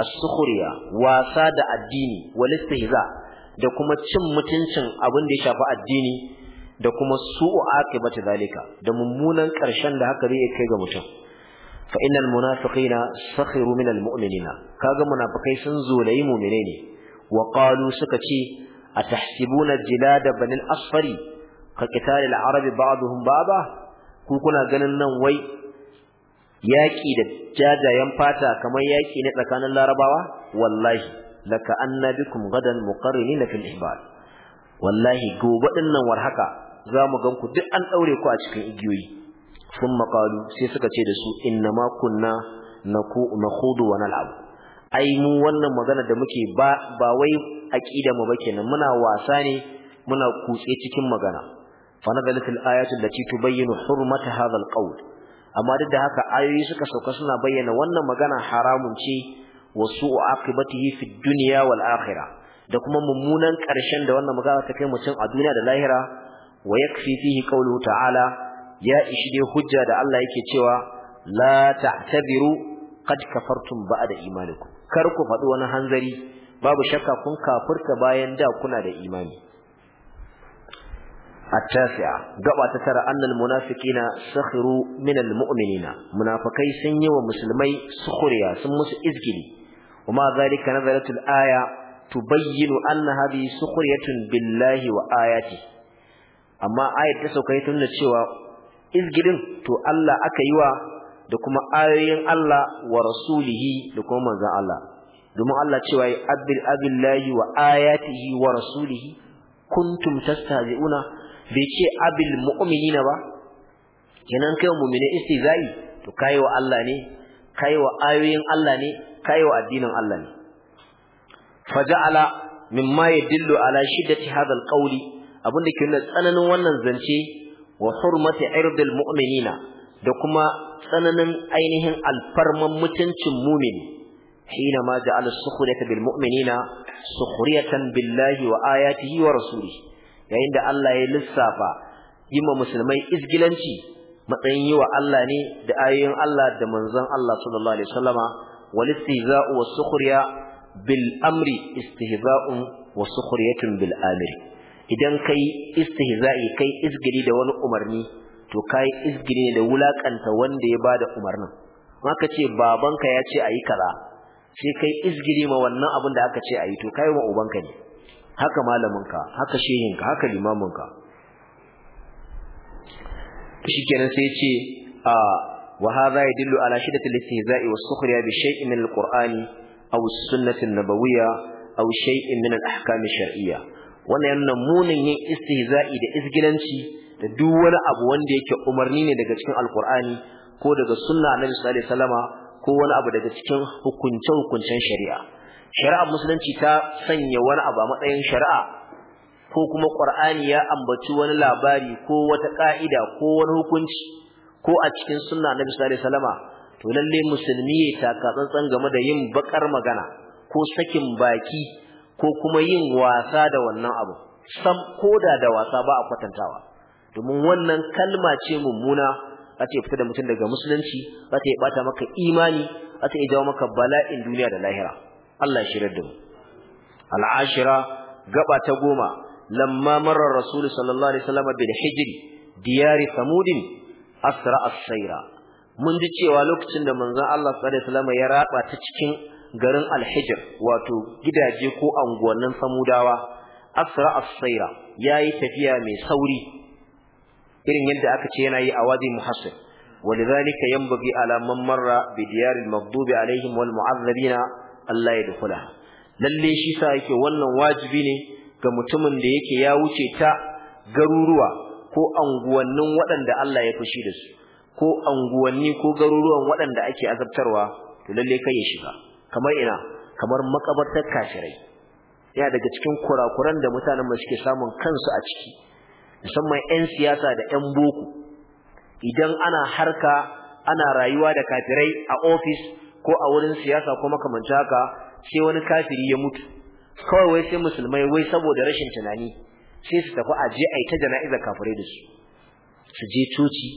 as-sukhriya wasa da addini wal istihza da kuma cin mutuncin abin da ya shafi addini da kuma su'u aqibati zalika da mummunan karshen da haka zai kai ga mutum fa innal munafiqina sakhiru min al mu'minina kaga munafikai sun zolayi mu'mine ne wa qalu suka ce atahsibuna jilada banil asfari ka kitalil arabi ba'dhum baba ku kuna ganin nan wai yaƙi da jajayen fata kamar yaƙi ne tsakanin larabawa wallahi laka anna bikum gadan muqarrinina fil ihbal wallahi gobe din nan war haka za mu gan ku duk an daure ku a cikin igiyoyi Sun qalu sai suka ce da su innama kunna naku nakhudu wa nal'ab ai mu wannan magana da muke ba ba wai aqida mu ba kenan muna wasa ne muna kutse cikin magana fa nazalat al-ayatu allati tubayyinu hurmata hadha al-qawl amma duk da haka ayoyi suka sauka suna bayyana wannan magana haramun ce wa su'u aqibatihi fi dunya wal akhirah da kuma mummunan ƙarshen da wannan magana ta kai mutum a duniya da lahira wa yakfi fihi qawluhu ta'ala ya ishi dai hujja da Allah yake cewa la ta'tabiru qad kafartum da imanikum kar ku faɗi wani hanzari babu shakka kun kafirta bayan da kuna da imani التاسعة قبعة ترى أن المنافقين سخروا من المؤمنين منافقي سنية ومسلمي سخريا سمس إزجلي وما ذلك نزلت الآية تبين أن هذه سخرية بالله وآياته أما آية تسوكيت النشوى إزجلين تو الله أكيوا دكما آيين الله ورسوله دكما ذا الله دم الله شوى أبل أبل الله وآياته ورسوله كنتم تستهزئون bai ce abil mu'minina ba kenan kai mu'mini istizai to kai wa Allah ne kai wa ayoyin Allah ne kai wa addinin Allah ne faja'ala mimma yadullu ala shiddati hadha alqawl abinda ke nuna tsananin wannan zance wa hurmati irdil mu'minina da kuma tsananin ainihin alfarman mutuncin mu'mini حينما جعل السخرية بالمؤمنين سخرية بالله وآياته ورسوله yayin da Allah ya lissafa yi ma musulmai izgilanci matsayin yiwa Allah ne da ayoyin Allah da manzon Allah sallallahu alaihi wasallama walistihza'u wasukhriya bil amri istihza'un wasukriyatun bil amri. idan kai istihza'i kai izgili da wani umarni to kai izgili da wulakanta wanda ya bada umarnin maka ce babanka ya ce ayi kaza sai kai izgili ma wannan abin da aka ce ayi to kai ma ubanka ne haka malaminka haka ka, haka limaminka kenan sai ce a wa hadha yadullu ala al istihza'i was sukhriya bi shay'in min al-qur'ani aw as-sunnah an-nabawiyya aw shay'in min al-ahkam ash-shar'iyya wannan yana munin yin istihza'i da isgilanci da duk wani abu wanda yake umarni ne daga cikin al-qur'ani ko daga sunna annabi sallallahu alaihi wasallama ko wani abu daga cikin hukunce-hukuncen shari'a shari'ar musulunci ta sanya wani abu a matsayin shari'a ko kuma qur'ani ya ambaci wani labari ko wata ka'ida ko wani hukunci ko a cikin sunna na sallallahu alaihi salama, to lalle musulmi ya taka tsantsan game da yin bakar magana ko sakin baki ko kuma yin wasa da wannan abu sam koda da wasa ba a kwatantawa domin wannan kalma ce mummuna za ta fita da mutum daga musulunci za ta bata maka imani za ta jawo maka bala'in duniya da lahira Allah ya da mu al'ashira gaba ta goma lamma marar rasul sallallahu alaihi wasallam bil hijri diyari samudin asra as-saira mun ji cewa lokacin da manzon Allah sallallahu alaihi wasallam ya raba ta cikin garin al-hijr wato gidaje ko anguwannin samudawa asra as-saira yayi tafiya mai sauri irin yadda aka ce yana yi a wadi muhassir ولذلك ينبغي على من مر بديار المغضوب عليهم والمعذبين Allah ya dukula lalle shi sa yake wannan wajibi ne ga mutumin da yake ya wuce ta garuruwa ko anguwannin waɗanda Allah ya fushi da su ko anguwanni ko garuruwan waɗanda ake azabtarwa to lalle kai ya shiga kamar ina kamar makabartar kafirai yana daga cikin kurakuran da mutanen suke samun kansu a ciki musamman 'yan siyasa da 'yan boko idan ana harka ana rayuwa da kafirai a ofis ko a wurin siyasa ko makamanci haka sai wani kafiri ya mutu kawai wai sai musulmai wai saboda rashin tunani sai su tafi aje a ta jana'izar kafirai da su su je coci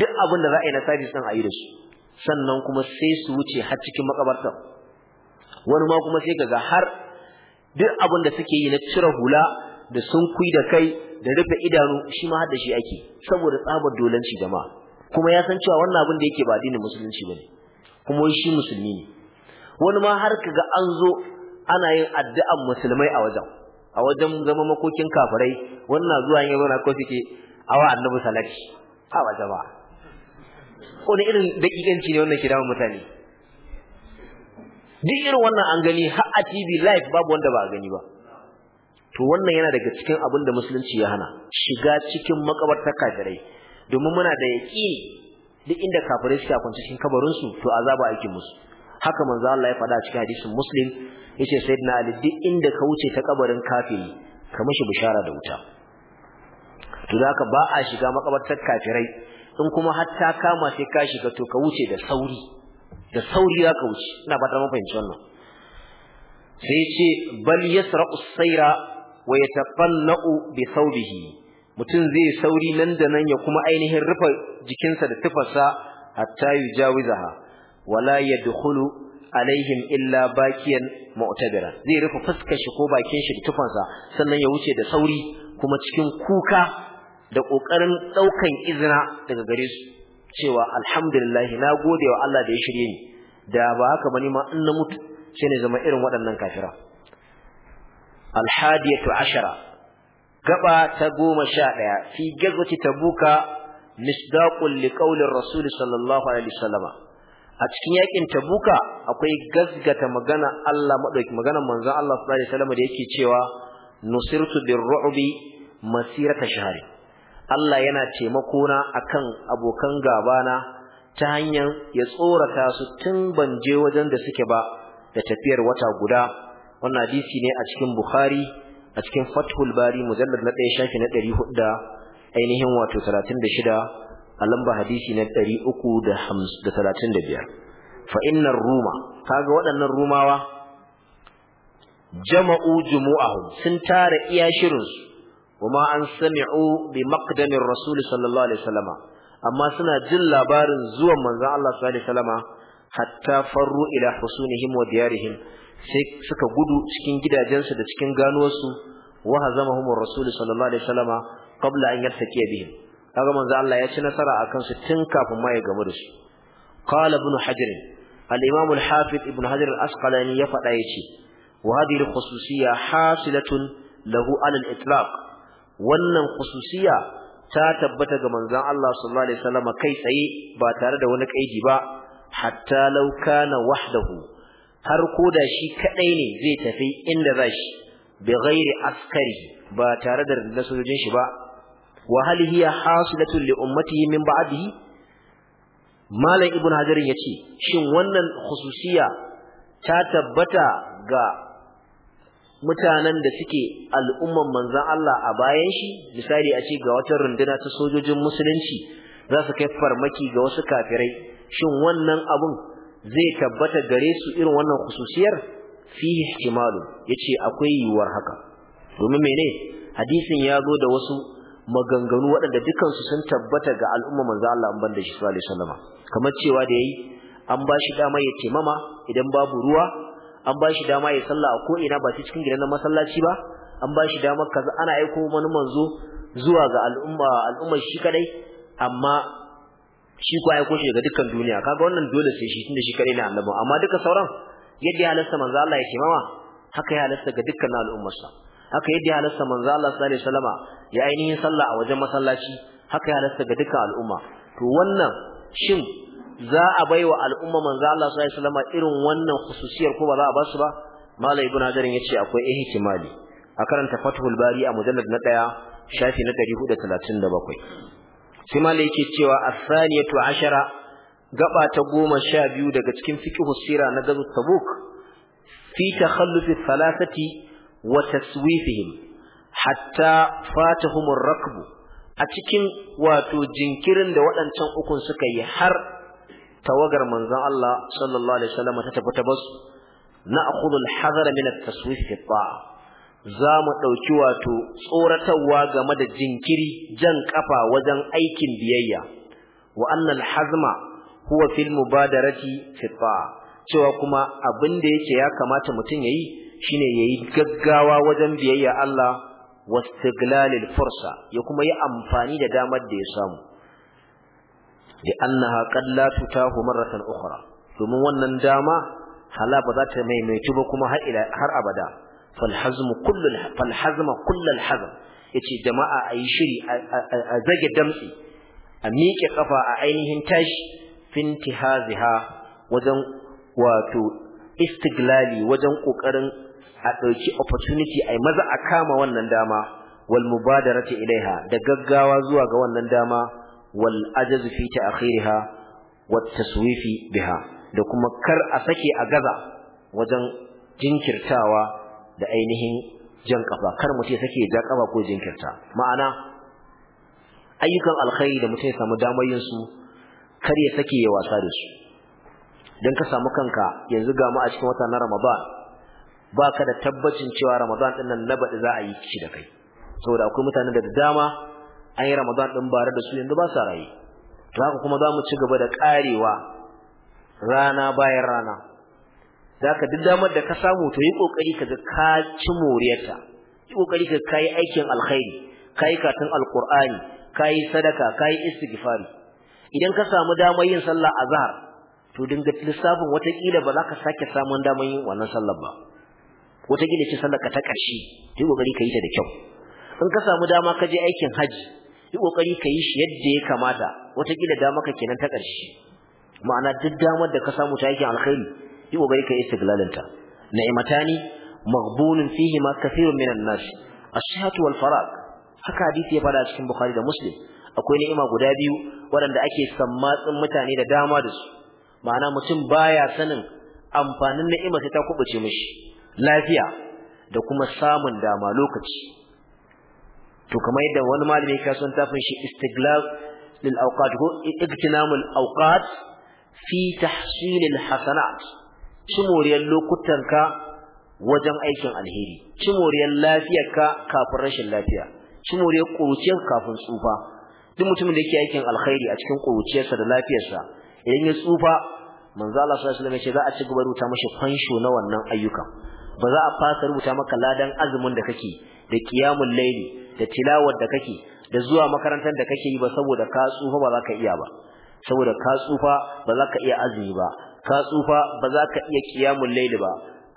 duk abin da za a yi na sabis ɗin a yi da su sannan kuma sai su wuce har cikin makabartar wani ma kuma sai kaga har duk abin da suke yi na cire hula da sun kui da kai da rufe idanu shi ma har da shi ake saboda tsabar dolanci jama'a kuma ya san cewa wannan abin da yake ba addinin musulunci bane kuma shi musulmi ne wani ma har kaga an zo ana yin addu'an musulmai a wajen a wajen zama makokin kafirai wannan zuwa yin yana ko suke wa annabi salati A wa jama'a wani irin daƙiƙanci ne wannan ke mutane duk irin wannan an gani har a TV live babu wanda ba a gani ba to wannan yana daga cikin abin da musulunci ya hana shiga cikin makabartar kafirai domin muna da yaƙini duk inda kafirai suka kwanci cikin kabarin su to azaba ake musu haka manzo Allah ya faɗa cikin hadisin muslim yace sayyidina ali duk inda ka wuce ta kabarin kafiri ka mishi bishara da wuta to zaka ba a shiga makabartar kafirai in kuma har ta kama sai ka shiga to ka wuce da sauri da sauri zaka wuce ina fata mun fahimci wannan sai ce bal yasra'u sayra wa yataqanna'u bi thawbihi mutum zai sauri nan da nan ya kuma ainihin rufe jikinsa da tufarsa hatta yujawizaha wala ya yadkhulu alaihim illa bakiyan mu'tabira zai rufe fuskar shi ko bakin shi da tufarsa sannan ya wuce da sauri kuma cikin kuka da kokarin daukan izina daga gare su cewa alhamdulillah na gode wa Allah da ya shirye ni da ba haka bane ma in na mutu shine zama irin waɗannan kafira الحادية ashara gaba ta goma sha ɗaya fi ta tabuka misdaqul liqaulir rasul sallallahu alaihi wasallam a cikin yakin tabuka akwai gazgata magana Allah madauki magana manzon Allah sallallahu alaihi wasallam da yake cewa nusirtu birru'bi masirata shahri Allah yana taimakona na akan abokan gabana ta hanyar ya tsorata su tun ban je wajen da suke ba da tafiyar wata guda wannan hadisi ne a cikin Bukhari a cikin fathul bari mujallar na ɗaya shafi na ɗari hudu ainihin wato talatin da shida a lamba hadisi na ɗari uku da talatin da biyar fa innar ruma kaga waɗannan rumawa jama'u jumu'ahum sun tara iya shirinsu kuma an sami'u bi maqdamin rasul sallallahu alaihi wasallama amma suna jin labarin zuwan manzon Allah sallallahu alaihi wasallama hatta farru ila husunihim wa diyarihim sai suka gudu cikin gidajensu da cikin ganuwarsu wa hazamahumur rasul sallallahu alaihi wasallama qabla an yartaqiya bihim kaga manzo Allah ya ci nasara akan su tun kafin ma ya gamu da su qala ibn hajar al-imam al-hafiz ibn hajar al-asqalani ya fada yace wa hadhihi khususiyya hasilatun lahu ala al-itlaq wannan khususiyya ta tabbata ga manzon Allah sallallahu alaihi wasallama kai tsaye ba tare da wani kaiji ba hatta law kana wahdahu har ko da shi kadai ne zai tafi inda za shi bi ghairi askari ba tare da na sojojin shi ba wa hal hiya hasilatu li ummatihi min ba'dihi malam ibn hajar yace shin wannan khususiya ta tabbata ga mutanen da suke al'umman manzon Allah a bayan shi misali a ce ga wata runduna ta sojojin musulunci za su kai farmaki ga wasu kafirai shin wannan abun zai tabbata gare su irin wannan khususiyar fi ihtimalu yace akwai yiwuwar haka domin mene hadisin ya zo da wasu maganganu waɗanda su sun tabbata ga al'umma manzo Allah an banda shi sallallahu alaihi wasallam kamar cewa da yayi an ba shi dama ya taimama idan babu ruwa an ba shi dama ya sallah a ko'ina ba ta cikin gidan masallaci ba an ba shi dama kaza ana aiko wani manzo zuwa ga al'umma al'ummar shi kadai amma shi ko ya koshe ga dukkan duniya kaga wannan dole sai shi tunda shi kare ne annabi amma duka sauran yadda ya halasta manzo Allah yake mama haka ya halasta ga dukkan al'ummarsa haka yadda ya halasta manzo Allah sallallahu alaihi wasallama ya ainihin sallah a wajen masallaci haka ya halasta ga dukkan al'umma to wannan shin za a baiwa al'umma manzo Allah sallallahu alaihi wasallama irin wannan khususiyar ko ba za a ba ba malai ibn hajarin yace akwai ihtimali a karanta fathul bari a mujallad na 1 shafi na 437 sai mala yake cewa asaniyatu saniyatu ashara gaba ta goma sha biyu daga cikin fiqh sira na gazu tabuk fi takhallufi thalathati wa taswifihim hatta fatahum ar a cikin wato jinkirin da waɗancan ukun suka yi har tawagar manzon Allah sallallahu alaihi wasallam ta tafi ta basu na'khudhu al-hadara min at-taswif fi taa za mu ɗauki wato tsoratarwa game da jinkiri jan ƙafa wajen aikin biyayya wa annal hazma huwa fil mubadarati fitfa cewa kuma abin da yake ya kamata mutum yayi shine yayi gaggawa wajen biyayya Allah wastiglalil fursa ya kuma yi amfani da damar da ya samu li annaha qad la tutahu marratan ukhra domin wannan dama hala ba za ta maimaitu ba kuma har abada falhazmu falhazma kullul hazm yace jama'a ayi shiri a zage damsi, a miƙe kafa a ainihin tashi fintihaziha wajen wato istiglali wajen kokarin a dauki opportunity ai maza a kama wannan dama wal mubadarati ilaiha da gaggawa zuwa ga wannan dama wal ajaz fi ta'khiriha wat taswifi biha da kuma kar a sake a gaza wajen jinkirtawa da ainihin jan kafa kar mutum ya sake ja kafa ko jinkirta ma'ana ayyukan alkhairi da mutum ya samu damar yin su kar ya sake ya wasa da su dan ka samu kanka yanzu ga mu a cikin wata na Ramadan baka da tabbacin cewa Ramadan din nan nabadi za a yi shi da kai saboda akwai mutane da dama an yi Ramadan din bare da su yanzu ba sa raye to haka kuma za mu ci gaba da karewa rana bayan rana zaka duk damar da ka samu to yi kokari kaga ka ci moriyarta yi kokari ka kai aikin alkhairi kai katun alqur'ani kai sadaka kai istighfari idan ka samu damar yin sallah azhar to dinga lissafin watakila ba za ka sake samun damar yin wannan sallar ba Wata kila ce sallar ka ta ƙarshe yi kokari ka yi ta da kyau in ka samu dama ka je aikin haji yi kokari ka yi shi yadda ya kamata Wata kila dama ka kenan ta ƙarshe ma'ana duk damar da ka samu ta aikin alkhairi yi kokari kai istiglalin ta ni'matani maghbunun fihi ma kathirun minan nas ash-shihatu wal faraq haka hadisi ya fada cikin bukhari da muslim akwai ni'ima guda biyu waɗanda ake sammatsin mutane da dama da su ma'ana mutum baya sanin amfanin ni'ima ta kubuce mishi lafiya da kuma samun dama lokaci to kamar yadda wani malami ya kasan tafin shi istiglal lil awqat ko iktinamul awqat fi tahsilil hasana. hasanat ci moriyar lokutanka wajen aikin alheri ci moriyar lafiyarka kafin rashin lafiya ci moriyar ƙuruciyar kafin tsufa duk mutumin da yake aikin alheri a cikin ƙuruciyarsa da lafiyarsa idan ya tsufa manzo Allah sallallahu alaihi wasallam ya ce za a ci gaba rubuta mashi fansho na wannan ayyuka ba za a fasa rubuta maka ladan azumin da kake da qiyamul layli da tilawar da kake da zuwa makarantar da kake yi ba saboda ka tsufa ba za ka iya ba saboda ka tsufa ba za ka iya azumi ba ka tsufa ba za ka iya kiyamun layl ba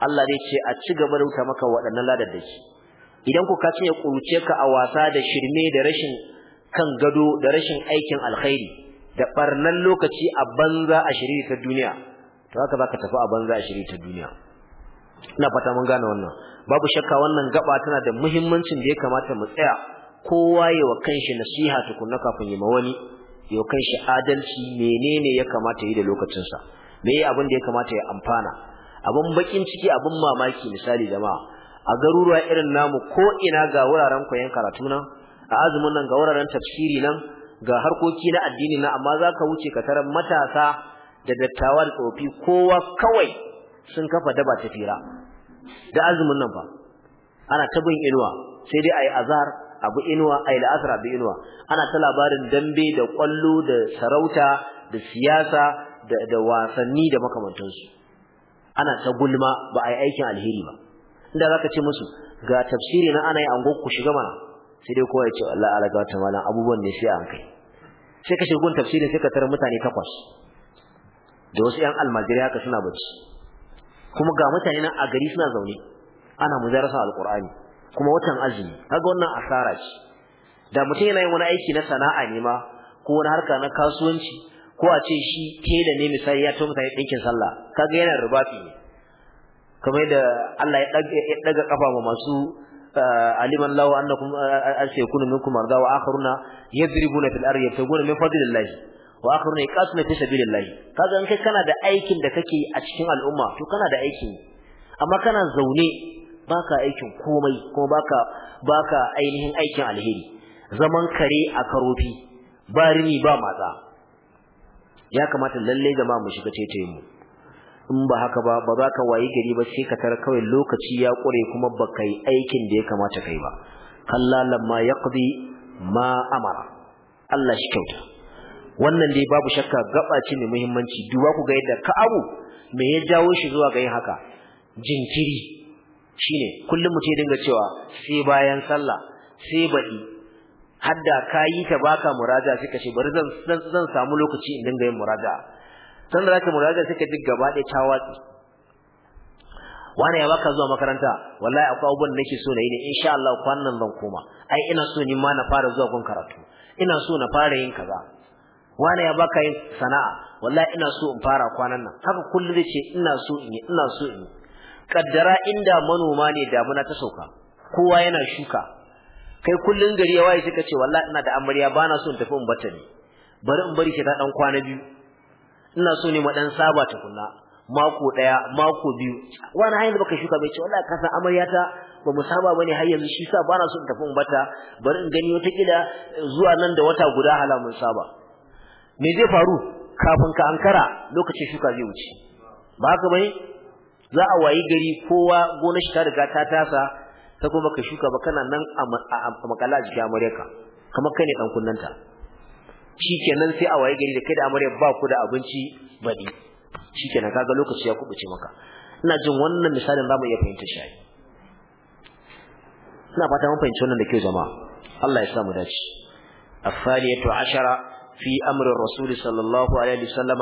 Allah zai ce a ci gaba da wuta maka waɗannan shi idan ku ka ce ya kurce ka a wasa da shirme da rashin kan gado da rashin aikin alkhairi da barnan lokaci a banza a shirye ta duniya to haka ka tafi a banza a shirye ta duniya ina fata mun gane wannan babu shakka wannan gaba tana da muhimmancin da ya kamata mu tsaya kowa ya wa kanshi nasiha tukunna kafin ya ma wani ya kanshi adalci menene ya kamata yi da lokacinsa me yi abin da ya kamata ya amfana abin bakin ciki abin mamaki misali jama'a a garuruwa irin namu ko ina ga wuraren koyon karatu nan a azumin nan ga wuraren tafsiri nan ga harkoki na addini nan amma za ka wuce ka tarar matasa da dattawa da tsofi kowa kawai sun kafa daba ta fira da azumin nan ba ana ta bin inuwa sai dai a ayi a abu inuwa a yi la'asar abu inuwa ana ta labarin dambe da kwallo da sarauta da siyasa da wasanni da makamantansu ana ta gulma ba a yi aikin alheri ba inda zaka ce musu ga tafsiri na ana yi angon ku shiga mana sai dai kowa ya ce Allah ala gata malam abubuwan ne sai an kai sai ka shirgun tafsirin sai ka tarar mutane takwas da wasu yan almajiri haka suna bacci kuma ga mutane nan a gari suna zaune ana mujarasa alqur'ani kuma watan azumi kaga wannan asara ce da mutum yana yin wani aiki na sana'a ne ma ko wani harka na kasuwanci ko a ce shi ke da ne misali ya to mutane ɗinkin sallah kaga yana rubafi ne kamar da Allah ya daga kafa ma masu eh, aliman lahu annakum eh, asyakunu minkum arda wa akharuna yadribuna fil ardi yabtaguna min fadlillah wa akharuna yaqasuna fi sabilillah kaga in kai kana da aikin da kake a cikin al'umma to kana da ne, amma kana zaune baka aikin komai kuma baka baka ainihin aikin alheri zaman kare a karofi ba rini ba matsa ya kamata lalle jama'a mu shiga tetayen mu in ba haka ba ba za ka wayi gari ba sai ka tara kawai lokaci ya kure kuma baka yi aikin da ya kamata kai ba kalla lamma yaqdi ma amara Allah shi kyauta wannan dai babu shakka gaba ce mai muhimmanci duba ku ga yadda ka abu? me ya jawo shi zuwa ga yin haka jinkiri shine kullum mu ce dinga cewa sai bayan sallah sai baɗi hadda kayi ta baka muraja sai ka ce bari zan zan samu lokaci in dinga yin muraja san da zaka muraja sai ka dig gaba da tawatsi wani ya baka zuwa makaranta wallahi akwai abubuwan nake so na yi ne insha Allah kwanan zan koma ai ina so ni ma na fara zuwa gun karatu ina so na fara yin kaza wani ya baka yin sana'a wallahi ina so in fara kwanan nan haka kullu zai ce ina so in yi ina so in yi kaddara inda manoma ne damuna ta sauka kowa yana shuka kai kullun gari ya waye suka ce wallahi ina da amarya bana so in tafi in bata ne bari in bari shi ta dan kwana biyu ina so ne mu dan saba tukunna mako daya mako biyu wani da baka shuka bai ce wallahi ka amarya ta ba mu saba bane har yanzu shi sa bana so in tafi in bata bari in gani wata kila zuwa nan da wata guda hala mun saba me zai faru kafin ka ankara lokacin shuka zai wuce ba haka bane za a wayi gari kowa gonar shi ta riga ta tasa ta kuma ka shuka ba kana nan a makala a jikin amurka kama kai ne dan kunnanta shikenan sai a waye gari da kai da amurka ba ku da abinci badi shikenan kaga lokaci ya kubuce maka ina jin wannan misalin zamu iya fahimta shi ina fata mun fahimci wannan da kyau jama'a Allah ya sa mu dace الثانية عشرة في أمر الرسول صلى الله عليه وسلم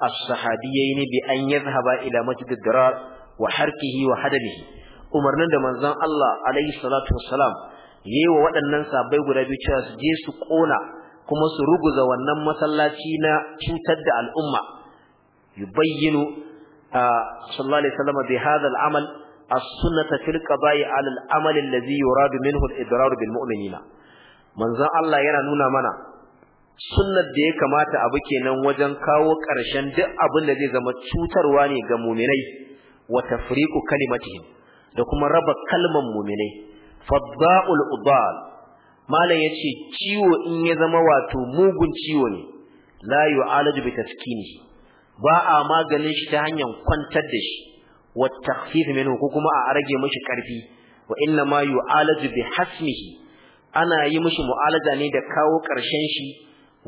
الصحابيين بأن يذهبا إلى wa الدرار وحركه وحدمه umarnin da manzon Allah alaihi salatu wassalam yayi wa waɗannan sabbai guda biyu cewa su je su kona kuma su ruguza wannan masallaci na cutar da al'umma yubayyinu sallallahu alaihi wasallam bi hadha al'amal as-sunnata fil qada'i 'ala al-amal alladhi yuradu minhu al-idrar bil manzon Allah yana nuna mana sunnar da ya kamata abu kenan wajen kawo ƙarshen duk abin da zai zama cutarwa ne ga mu'minai wa tafriqu kalimatihim da kuma raba kalman mu'minai fadda'ul udal malam yace ciwo in ya zama wato mugun ciwo ne la yu'alaju bi taskini ba a maganin shi ta hanyar kwantar da shi wa takhfif minhu ko kuma a rage mishi karfi wa inna ma yu'alaju bi hasmihi ana yi mishi mu'alaja ne da kawo karshen shi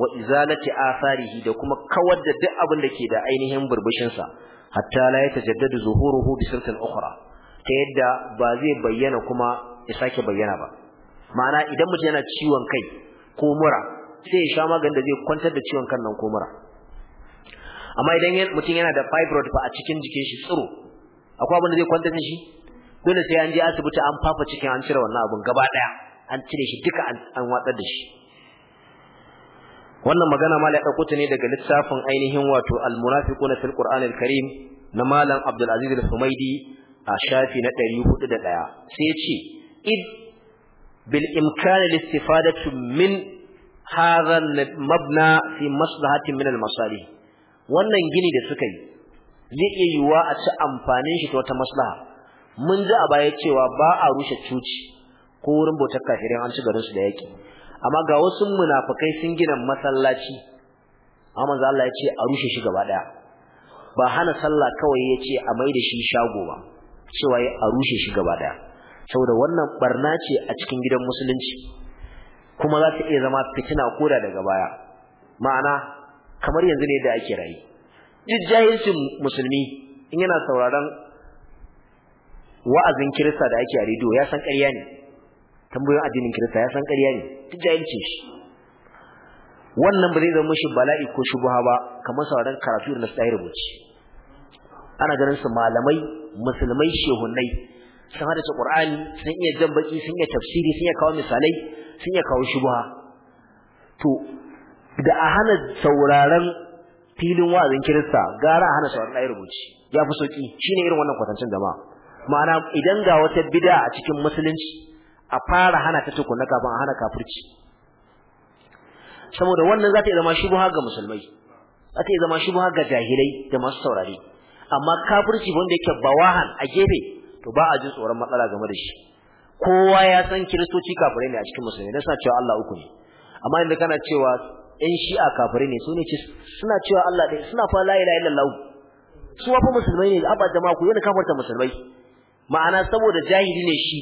wa izalati atharihi da kuma kawar da duk abin da ke da ainihin burbushin sa hatta la yatajaddadu zuhuruhu bi sirtin ukhra ta yadda ba zai bayyana kuma ya sake bayyana ba ma'ana idan mutum yana ciwon kai ko mura sai ya sha maganin da zai kwantar da ciwon kan nan ko mura amma idan mutum yana da fibroid fa a cikin jikin shi tsiro akwai abin da zai kwantar da shi dole sai an je asibiti an fafa cikin an cire wannan abin gaba daya an cire shi duka an watsar da shi wannan magana ma ya dauko ta ne daga littafin ainihin wato al-munafiquna fil qur'an al-karim na malam abdul aziz al-humaidi a shafi na ɗari da ɗaya sai ya ce id bil imkani al istifadatu min hadha mabna fi maslahatin min al wannan gini da suka yi zai iya yiwuwa a ci amfanin shi ta wata maslaha mun ji a baya cewa ba a rushe cuci ko wurin bautar kafirin an ci garinsu da yaki amma ga wasu munafukai sun gina masallaci amma Allah ya ce a rushe shi gaba ɗaya. ba hana sallah kawai ya ce a mai da shi shago ba cewa ya a rushe shi gaba daya saboda wannan barna ce a cikin gidan musulunci kuma za ta iya zama fitina koda daga baya ma'ana kamar yanzu ne da ake rayi duk jahilcin musulmi in yana sauraron wa'azin kirista da ake a rediyo ya san ƙarya ne tambayoyin addinin kirista ya san ƙarya ne duk jahilcin shi wannan ba zai zama shi bala'i ko shubuha ba kamar sauraron karatu da na tsaye rubuci ana ganin su malamai musulmai shehunai sun hada ta qur'ani sun iya jambaki sun iya tafsiri sun iya kawo misalai sun iya kawo shubha to da a hana sauraron filin wa'azin kirista gara a hana sauraron ayi rubuci ya fi sauki shine irin wannan kwatancin jama'a ma'ana idan ga wata bid'a a cikin musulunci a fara hana ta tukunna kafin a hana kafirci saboda wannan za ta zama shubha ga musulmai za ta zama shubha ga jahilai da masu saurare amma kafirci wanda yake bawahan a gefe to ba a jin tsoron matsala game da shi kowa ya san kiristoci kafirai ne a cikin musulmi dan suna cewa Allah uku ne amma inda kana cewa ɗan shi'a kafirai ne su ne suna cewa Allah ɗaya suna fa la ilaha illallah su wafa musulmai ne abba jama'a ku yana kafarta musulmai ma'ana saboda jahili ne shi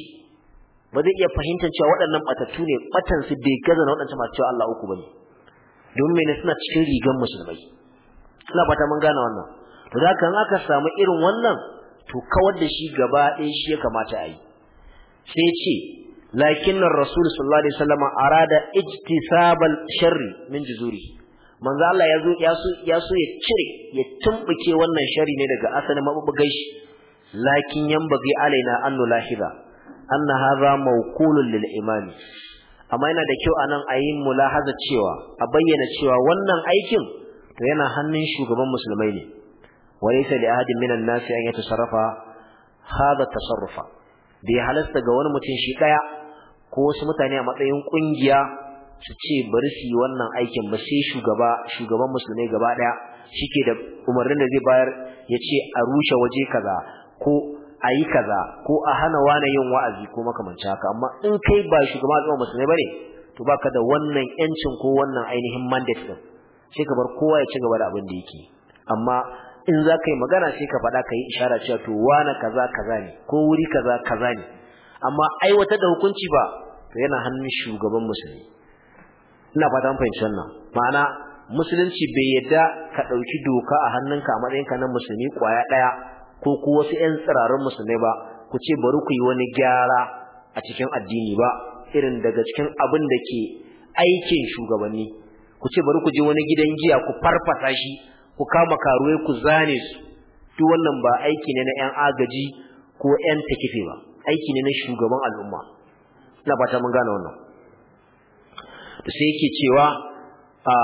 ba zai iya fahimtar cewa waɗannan batattu ne batan su bai gaza na waɗancan masu cewa Allah uku ba ne. domin mene suna cikin rigan musulmai ina fata mun gane wannan to za ka aka samu irin wannan to kawar da shi gaba ɗaya shi ya kamata a yi sai ce lakin rasul sallallahu alaihi wasallam arada ijtisabal sharri min juzuri manzo Allah ya zo ya so ya so ya cire ya tumbuke wannan sharri ne daga asalin mabubugai shi lakin yambagi alaina an nulahiza anna hadha mawqulun lil imami amma yana da kyau anan a mulahaza cewa a bayyana cewa wannan aikin to yana hannun shugaban musulmai ne وليس لأحد من الناس أن يتصرف هذا التصرف bai halasta ga wani mutum shi ɗaya ko wasu mutane a matsayin ƙungiya su ce bari su yi wannan aikin ba sai shugaba shugaban musulmai gaba daya shike da umarnin da zai bayar ya ce a rushe waje kaza ko a yi kaza ko a hana wani yin wa'azi ko makamanci haka amma in kai ba shugaba a musulmai bane to baka da wannan yancin ko wannan ainihin mandate din sai ka bar kowa ya ci gaba da abin da yake amma in za ka yi magana sai ka faɗa ka yi ishara cewa to wane kaza kaza ne ko wuri kaza kaza ne amma aiwata da hukunci ba to yana hannun shugaban musulmi ina fata fahimci wannan ma'ana musulunci bai yadda ka ɗauki doka a hannunka a matsayinka na musulmi kwaya ɗaya ko ko wasu 'yan tsirarun musulmai ba ku ce bari ku yi wani gyara a cikin addini ba irin daga cikin abin da ke aikin shugabanni ku ce bari ku je wani gidan jiya ku farfasa shi ku kama karuwai ku zane su duk wannan ba aiki ne na ƴan agaji ko ƴan takife ba aiki ne na shugaban al'umma ina fata mun gane wannan sai yake cewa a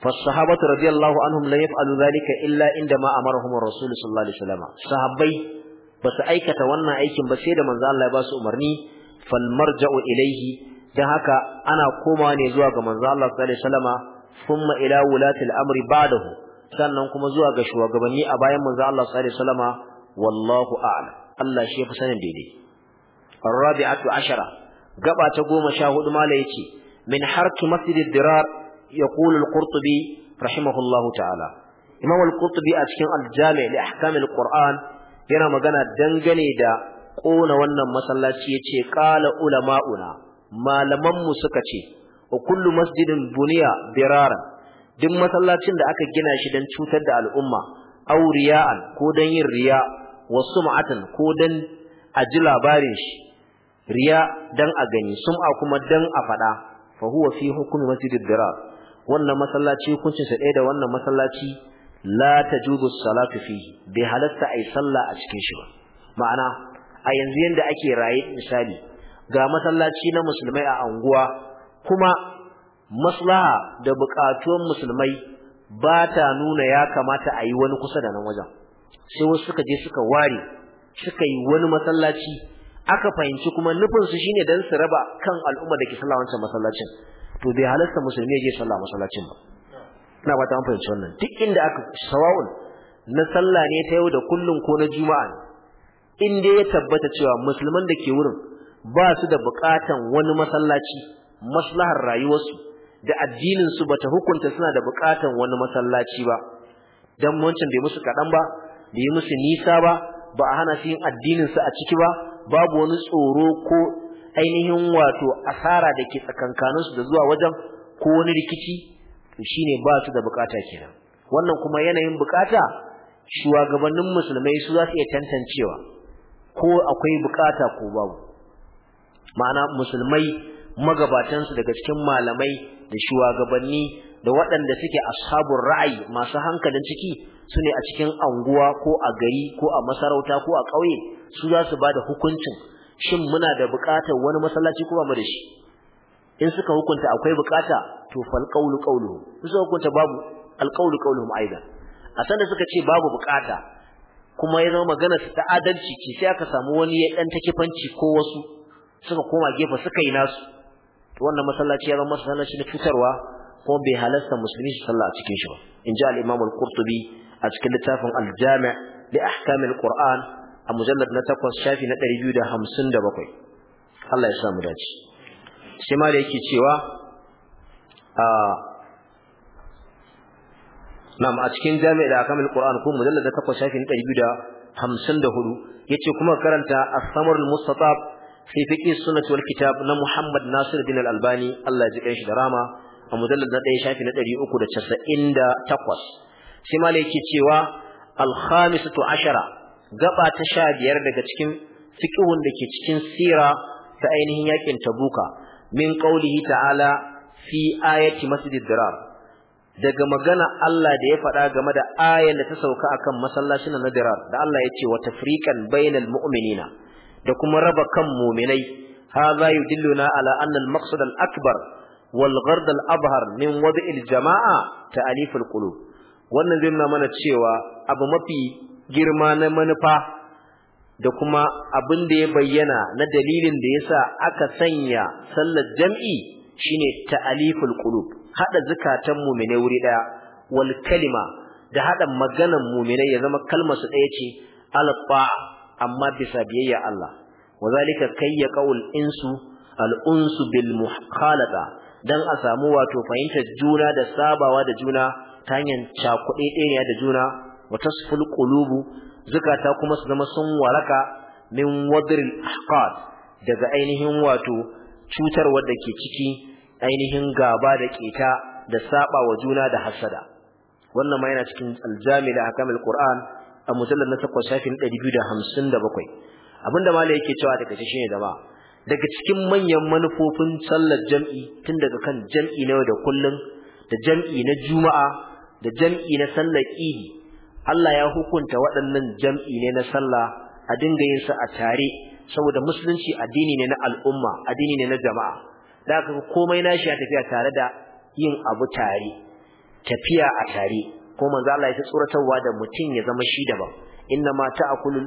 fasahabatu radiyallahu anhum la yaf'alu zalika illa inda ma amarahum rasul sallallahu alaihi wasallam sahabbai ba su aikata wannan aikin ba sai da manzo Allah ya ba su umarni fal marja'u ilayhi dan haka ana komawa ne zuwa ga manzo Allah sallallahu alaihi wasallam thumma ila wulati al-amri ba'dahu sannan kuma zuwa ga shugabanni a bayan manzo Allah sallallahu alaihi wasallama wallahu Allah shi sanin daidai arabi'atu ashara gaba ta goma sha hudu mala yace min harki masjid dirar yaqul al-qurtubi rahimahullahu ta'ala imam al-qurtubi a cikin al-jami' li al-qur'an yana magana dangane da ƙona wannan masallaci yace qala ulama'una malaman mu suka ce kullu masjidin buniya diraran duk masallacin da aka gina shi dan cutar da al'umma aw ko don yin riya wasum'atan ko don a ji labarin shi riya don a gani sum'a kuma dan a faɗa fa huwa fi hukmi masjidid dirar wannan masallaci hukuncin sa ɗaya da wannan masallaci la tajubu salatu fi bai halatta ay sallah a cikin shi ba ma'ana a yanzu yanda ake raye misali ga masallaci na musulmai a anguwa kuma maslaha da buƙatuwan musulmai ba ta nuna ya kamata a yi wani kusa da nan wajen sai wasu suka je suka ware suka yi wani masallaci aka fahimci kuma nufinsu shine dan su raba kan al'umma da ke sallah wancan masallacin to bai halasta musulmi ya je sallah masallacin ba ina ba ta an fahimci wannan duk inda aka sawa'un na sallah ne ta yau da kullum ko na juma'a ne in dai ya tabbata cewa musulman da ke wurin ba su da buƙatan wani masallaci maslahar rayuwarsu da addinin su bata hukunta suna da bukatan wani masallaci ba dan wancan bai musu kadan ba bai musu nisa ba ba a hana su yin addinin su a ciki ba babu wani tsoro ko ainihin wato asara da ke tsakankanin su da zuwa wajen ko wani rikici to shine ba su da bukata kenan wannan kuma yanayin bukata shugabannin musulmai su za su iya tantancewa ko akwai bukata ko babu ma'ana musulmai magabatansu daga cikin malamai da shugabanni da waɗanda suke ashabun ra'ayi masu hankalin ciki su ne a cikin anguwa ko a gari ko a masarauta ko a ƙauye su za su ba da hukuncin shin muna da buƙatar wani masallaci ko mu da shi in suka hukunta akwai buƙata to fal qawlu in suka hukunta babu al qawlu qawluhum aidan a sanda suka ce babu buƙata kuma ya zama magana su ta adalci ce sai aka samu wani ya dan take fanci ko wasu suka koma gefe suka yi nasu wannan masallaci ya zama masallaci na fitarwa kuma bai halasta musulmi su sallah a cikin shi ba in ji al-imam al-qurtubi a cikin littafin al-jami' li ahkam al-qur'an a mujallad na 8 shafi na 257 Allah ya samu dace sai ma da yake cewa a nam a cikin jami'a da akamul qur'an ko mujallad 8 shafin 254 yace kuma karanta as-samarul mustatab fi fiqh sunnati wal kitab na Muhammad Nasir bin Al-Albani Allah ya ji shi da rama a mujallad na 1 shafi na takwas. sai malai yake cewa al-khamisatu ashara gaba ta biyar daga cikin fiqhun da ke cikin sira ta ainihin yakin tabuka min qaulihi ta'ala fi ayati masjidid dirar daga magana Allah da ya faɗa game da ayan da ta sauka akan masallacin na dirar da Allah ya ce wa tafriqan bainal mu'minina da kuma raba kan mu'minai hadha yudilluna ala anna al-maqsad al-akbar wal ghard al-abhar min wad' al-jama'a ta'alif al-qulub wannan zai nuna mana cewa abu mafi girma na manufa da kuma abin da ya bayyana na dalilin da yasa aka sanya sallar jam'i shine ta'aliful qulub hada zakatan muminai wuri daya wal kalima da hada maganan muminai ya zama kalmar su daya ce alfa amma bisa biyayya Allah wazalika kayya qaul insu al unsu bil muhalata dan a samu wato fahimtar juna da sabawa da juna ta hanyar cakuɗe ɗaya da juna wa tasful qulubu zakata kuma su zama sun waraka min wadril ahqad daga ainihin wato cutar wadda ke ciki ainihin gaba da ƙeta da sabawa juna da hasada wannan ma yana cikin aljami da hakamul qur'an a mujallar na takwas shafin 257 abinda mala yake cewa daga shi ne ba daga cikin manyan manufofin sallar jam'i tun daga kan jam'i na da kullum da jam'i na juma'a da jam'i na sallar idi Allah ya hukunta waɗannan jam'i ne na sallah a dinga yin su a tare saboda musulunci addini ne na al'umma addini ne na jama'a da haka komai nashi ya tafiya tare da yin abu tare tafiya a tare ko manzo Allah ya tsoratarwa da mutum ya zama shi daban inna ma ta'kulu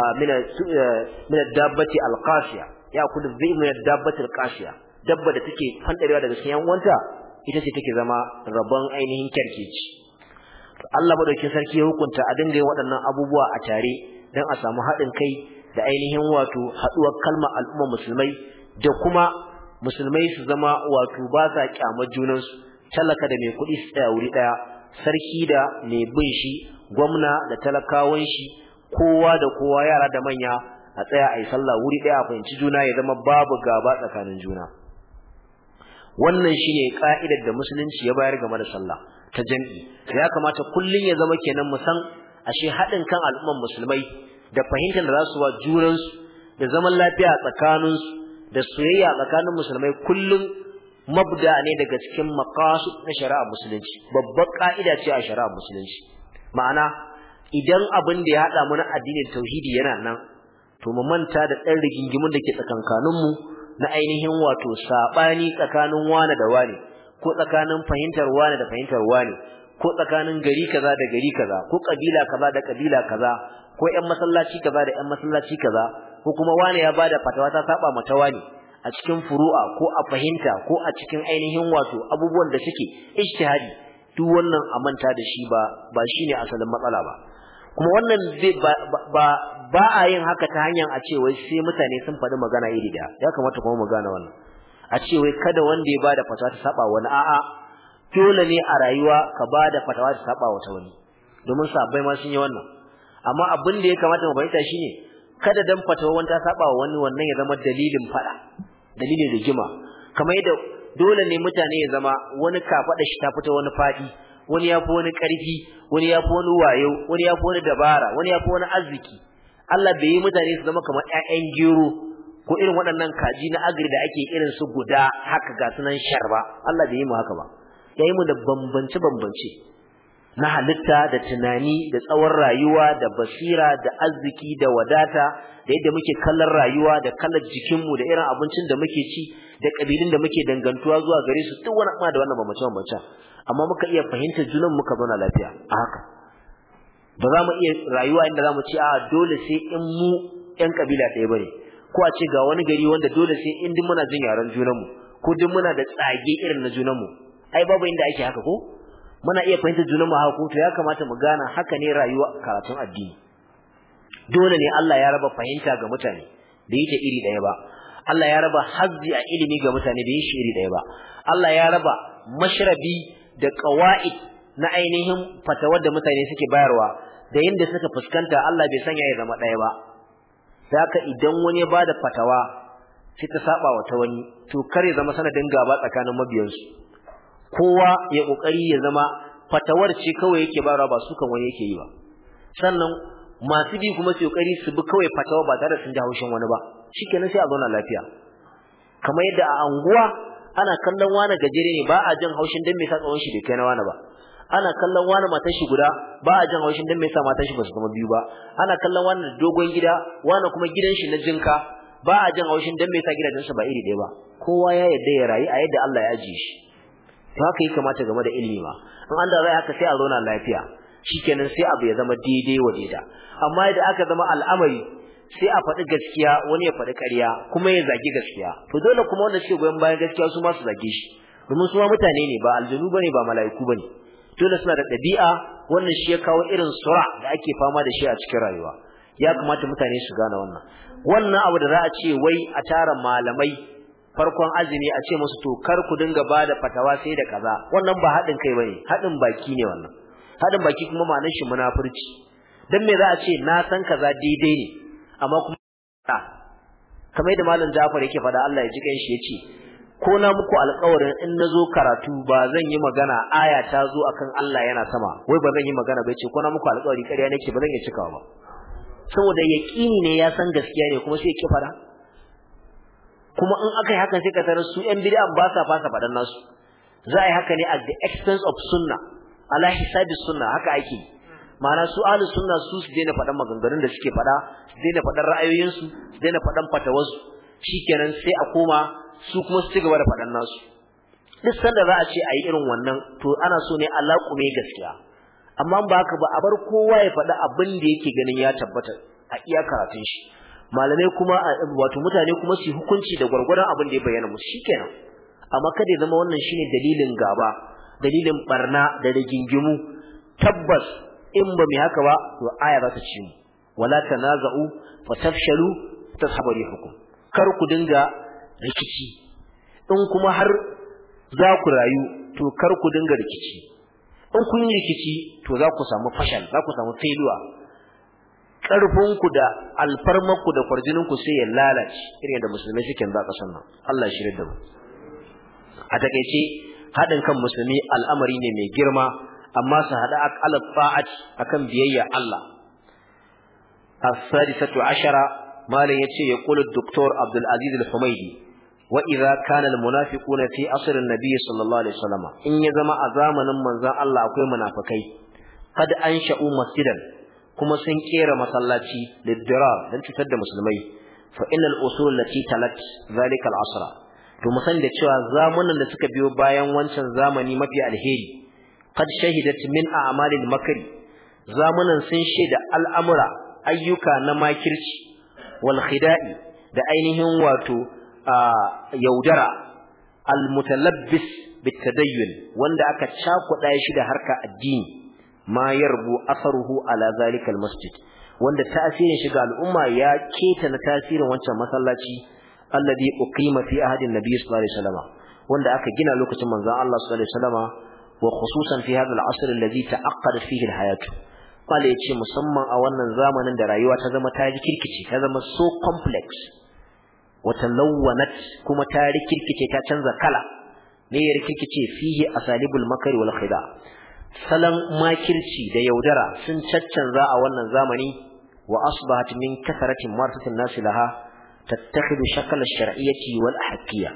ah, min ad ah, dabbati alqasiya ya'kulu bi min dabbati al-qasiya dabba da take fandarewa daga cikin yanwanta ita ce take zama rabon ainihin kirkici Allah madaukin sarki ya hukunta a dinga yin waɗannan abubuwa a tare dan a samu haɗin kai da ainihin wato haɗuwar kalmar al'umma musulmai da kuma musulmai su zama wato ba sa kyamar junansu talaka da mai kuɗi su tsaya wuri ɗaya sarki da mai bin shi gwamna da talakawan shi kowa da kowa yara da manya a tsaya a yi sallah wuri ɗaya a fahimci juna ya zama babu gaba tsakanin juna wannan shine ka'idar da musulunci ya bayar game da sallah ta jami'i ya kamata kullum ya zama kenan mu san ashe haɗin kan al'umman musulmai da fahimtar da za su wa junansu da zaman lafiya a tsakaninsu da soyayya tsakanin musulmai kullum. mabda ne daga cikin maqasid na shari'a musulunci babbar ka'ida ce a shari'a musulunci ma'ana idan abin da ya haɗa mu addinin tauhidi yana nan to mu manta da ɗan rigingimin da ke tsakankanin mu na ainihin wato saɓani, tsakanin wani da wani ko tsakanin fahimtar wani da fahimtar wani ko tsakanin gari kaza da gari kaza ko kabila kaza da kabila kaza ko ƴan masallaci kaza da ƴan masallaci kaza ko kuma wani ya bada fatawa ta saba mata wani a cikin furu'a ko a fahimta ko a cikin ainihin wato abubuwan da suke ijtihadi duk wannan a manta da shi ba ba shine asalin matsala ba kuma wannan ba ba a yin haka ta hanyar a ce wai sai mutane sun faɗi magana iri da ya kamata kuma mu gane wannan a ce wai kada wanda ya bada fatawa ta saba wani a'a dole ne a rayuwa ka bada fatawa ta saba wata wani domin sabai ma sun yi wannan amma abin da ya kamata mu fahimta shine kada dan fatawa wanda ta saba wani wannan ya zama dalilin fada dalilin rigima kamar yadda dole ne mutane ya zama wani kafaɗa shi ta fita wani faɗi wani ya fi wani ƙarfi wani ya fi wani wayo wani ya fi wani dabara wani ya fi wani arziki Allah bai yi mutane su zama kamar ƴaƴan gero ko irin waɗannan kaji na agri da ake irin su guda haka ga sunan sharba Allah bai yi mu haka ba yayi mu da bambance bambance na halitta da tunani da tsawon rayuwa da basira da arziki da wadata da yadda muke kallon rayuwa da kallon jikinmu da irin abincin da muke ci da kabilin da muke dangantuwa zuwa gare su duk wani ma da wannan bambance bambance amma muka iya fahimtar junan muka zauna lafiya a haka ba za mu iya rayuwa inda za mu ce a dole sai in mu yan kabila ɗaya ne, ko a ce ga wani gari wanda dole sai in duk muna jin yaren junanmu ko duk muna da tsage irin na junanmu ai babu inda ake haka ko muna iya fahimtar junan mu haka to ya kamata mu gana haka ne rayuwa karatun addini dole ne Allah ya raba fahimta ga mutane da yake iri ɗaya ba Allah ya raba hazzi a ilimi ga mutane da yake iri daya ba Allah ya raba mashrabi da qawaid na ainihin fatawar da mutane suke bayarwa da yanda suka fuskanta Allah bai sanya ya zama ɗaya ba haka idan wani ya bada fatawa sai ta saba wa ta wani to kare zama sanadin gaba tsakanin mabiyansu kowa ya kokari ya zama fatawar ce kawai yake bara ba su kan wani yake yi ba sannan masu bi kuma su kokari su bi kawai fatawa ba tare da sun ji haushin wani ba shikenan sai a zauna lafiya kamar yadda a anguwa ana kallon wani gajere ne ba a jin haushin dan me sa tsawon shi bai kai na wani ba ana kallon wani matan shi guda ba a jin haushin dan me sa matan shi ba su zama biyu ba ana kallon wani dogon gida wani kuma gidan shi na jinka ba a jin haushin dan me sa gidajen ba iri ɗaya ba kowa ya yarda ya rayu a yadda Allah ya ajiye shi to haka yi kamata game da ilimi ma in an da zai haka sai a na lafiya shikenan sai abu ya zama daidai wa daida amma idan aka zama al'amari sai a faɗi gaskiya wani ya faɗi ƙarya kuma ya zagi gaskiya to dole kuma wanda suke goyon bayan gaskiya su ma su zage shi domin su ma mutane ne ba aljanu bane ba mala'iku bane dole suna da ɗabi'a wannan shi ya kawo irin sura da ake fama da shi a cikin rayuwa ya kamata mutane su gane wannan wannan abu da za a ce wai a tara malamai farkon azumi a ce musu to kar ku dinga bada fatawa sai da kaza wannan ba hadin kai bane hadin baki ne wannan hadin baki kuma ma'anar shi munafurci dan me za a ce na san kaza daidai ne amma kuma kamar yadda malam Jafar yake fada Allah ya ji kan shi yace ko na muku alƙawarin in nazo karatu ba zan yi magana aya ta zo akan Allah yana sama wai ba zan yi magana ba yace ko na muku alƙawari ƙarya nake ba zan iya cikawa ba saboda yaqini ne ya san gaskiya ne kuma sai ya kifara kuma in aka yi hakan sai ka tarar su yan bid'a ba sa fasa faɗan nasu za a yi haka ne at the expense of sunna ala hisabi sunna haka ake ma'ana su ahlus sunna su su daina faɗan maganganun da suke faɗa su daina faɗan ra'ayoyinsu su daina faɗan fatawarsu kenan sai a koma su kuma su ci gaba da faɗan nasu duk sanda za a ce a yi irin wannan to ana so ne Allah kume gaskiya amma ba haka ba a bar kowa ya faɗi abin da yake ganin ya tabbata a iya karatun shi malamai kuma wato mutane kuma su hukunci da gwargwadon abin da ya bayyana musu shikenan amma kada ya zama wannan shine dalilin gaba dalilin barna da rigingimu tabbas in ba mu haka ba to aya za ta ci mu wala tanaza'u fatafshalu tashabu rihukum kar ku dinga rikici in kuma har za ku rayu to kar ku dinga rikici in kun yi rikici to za ku samu fashal za ku samu failure ƙarfinku da alfarmarku da kwarjininku sai ya lalace irin da musulmi suke ba ƙasar nan Allah shi da mu a takeice haɗin kan musulmi al'amari ne mai girma amma su haɗa ala ta'at akan biyayya Allah as-sadisatu ashara malam yace ya kula doktor Abdul Aziz al-Humaydi wa idza kana al-munafiquna fi asr an-nabi sallallahu alaihi wasallam in ya zama a zamanin manzon Allah akwai munafikai kad ansha'u masjidan kuma sun kera masallaci liddirar don cutar da musulmai fa innal usul lati talat zalika al asra to mu da cewa zamanin da suka biyo bayan wancan zamani mafi alheri qad shahidat min a'malil makri zamanin sun shaida al'amura ayyuka na makirci wal khida'i da ainihin wato yaudara al mutalabbis bit tadayyun wanda aka cakuɗa shi da harka addini ma yarbu asaruhu ala zalika almasjid wanda tasirin shiga al'umma ya keta na tasirin wancan masallaci alladhi uqima fi ahadin nabiy sallallahu alaihi wasallam wanda aka gina lokacin manzon Allah sallallahu alaihi wasallam wa khususan fi hadha al'asr alladhi ta'aqqada fihi alhayatu qala yace musamman a wannan zamanin da rayuwa ta zama ta kirkice ta zama so complex wata lawwanat kuma ta rikirkice ta canza kala ne ya rikirkice fihi asalibul makr wal khida' salon makirci da yaudara sun caccanza a wannan zamani wa asbahat min kasaratin martatin nasi laha tattakhidu shakal ash-shar'iyyati wal ahqiyya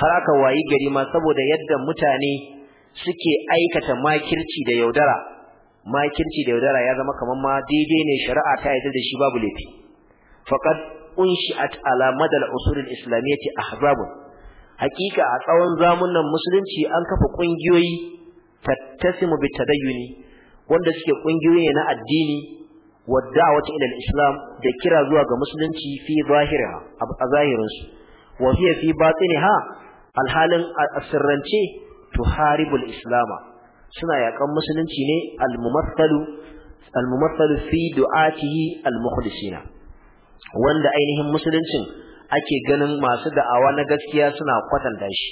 har aka wayi gari ma saboda yadda mutane suke aikata makirci da yaudara makirci da yaudara ya zama kamar ma daidai ne shari'a ta yadda da shi babu laifi faqad unshi'at ala madal usul al-islamiyyati ahzabun hakika a tsawon zamunan musulunci an kafa kungiyoyi tattasimu bi tadayyuni wanda suke kungiyoyi na addini wa da'wati ila al-islam da kira zuwa ga musulunci fi zahiriha a zahirin su wa fi fi batiniha alhalin asirrance tuharibul islama suna yakan musulunci ne al-mumathalu al-mumathalu fi du'atihi al-mukhlisina wanda ainihin musuluncin ake ganin masu da'awa na gaskiya suna kwatanta shi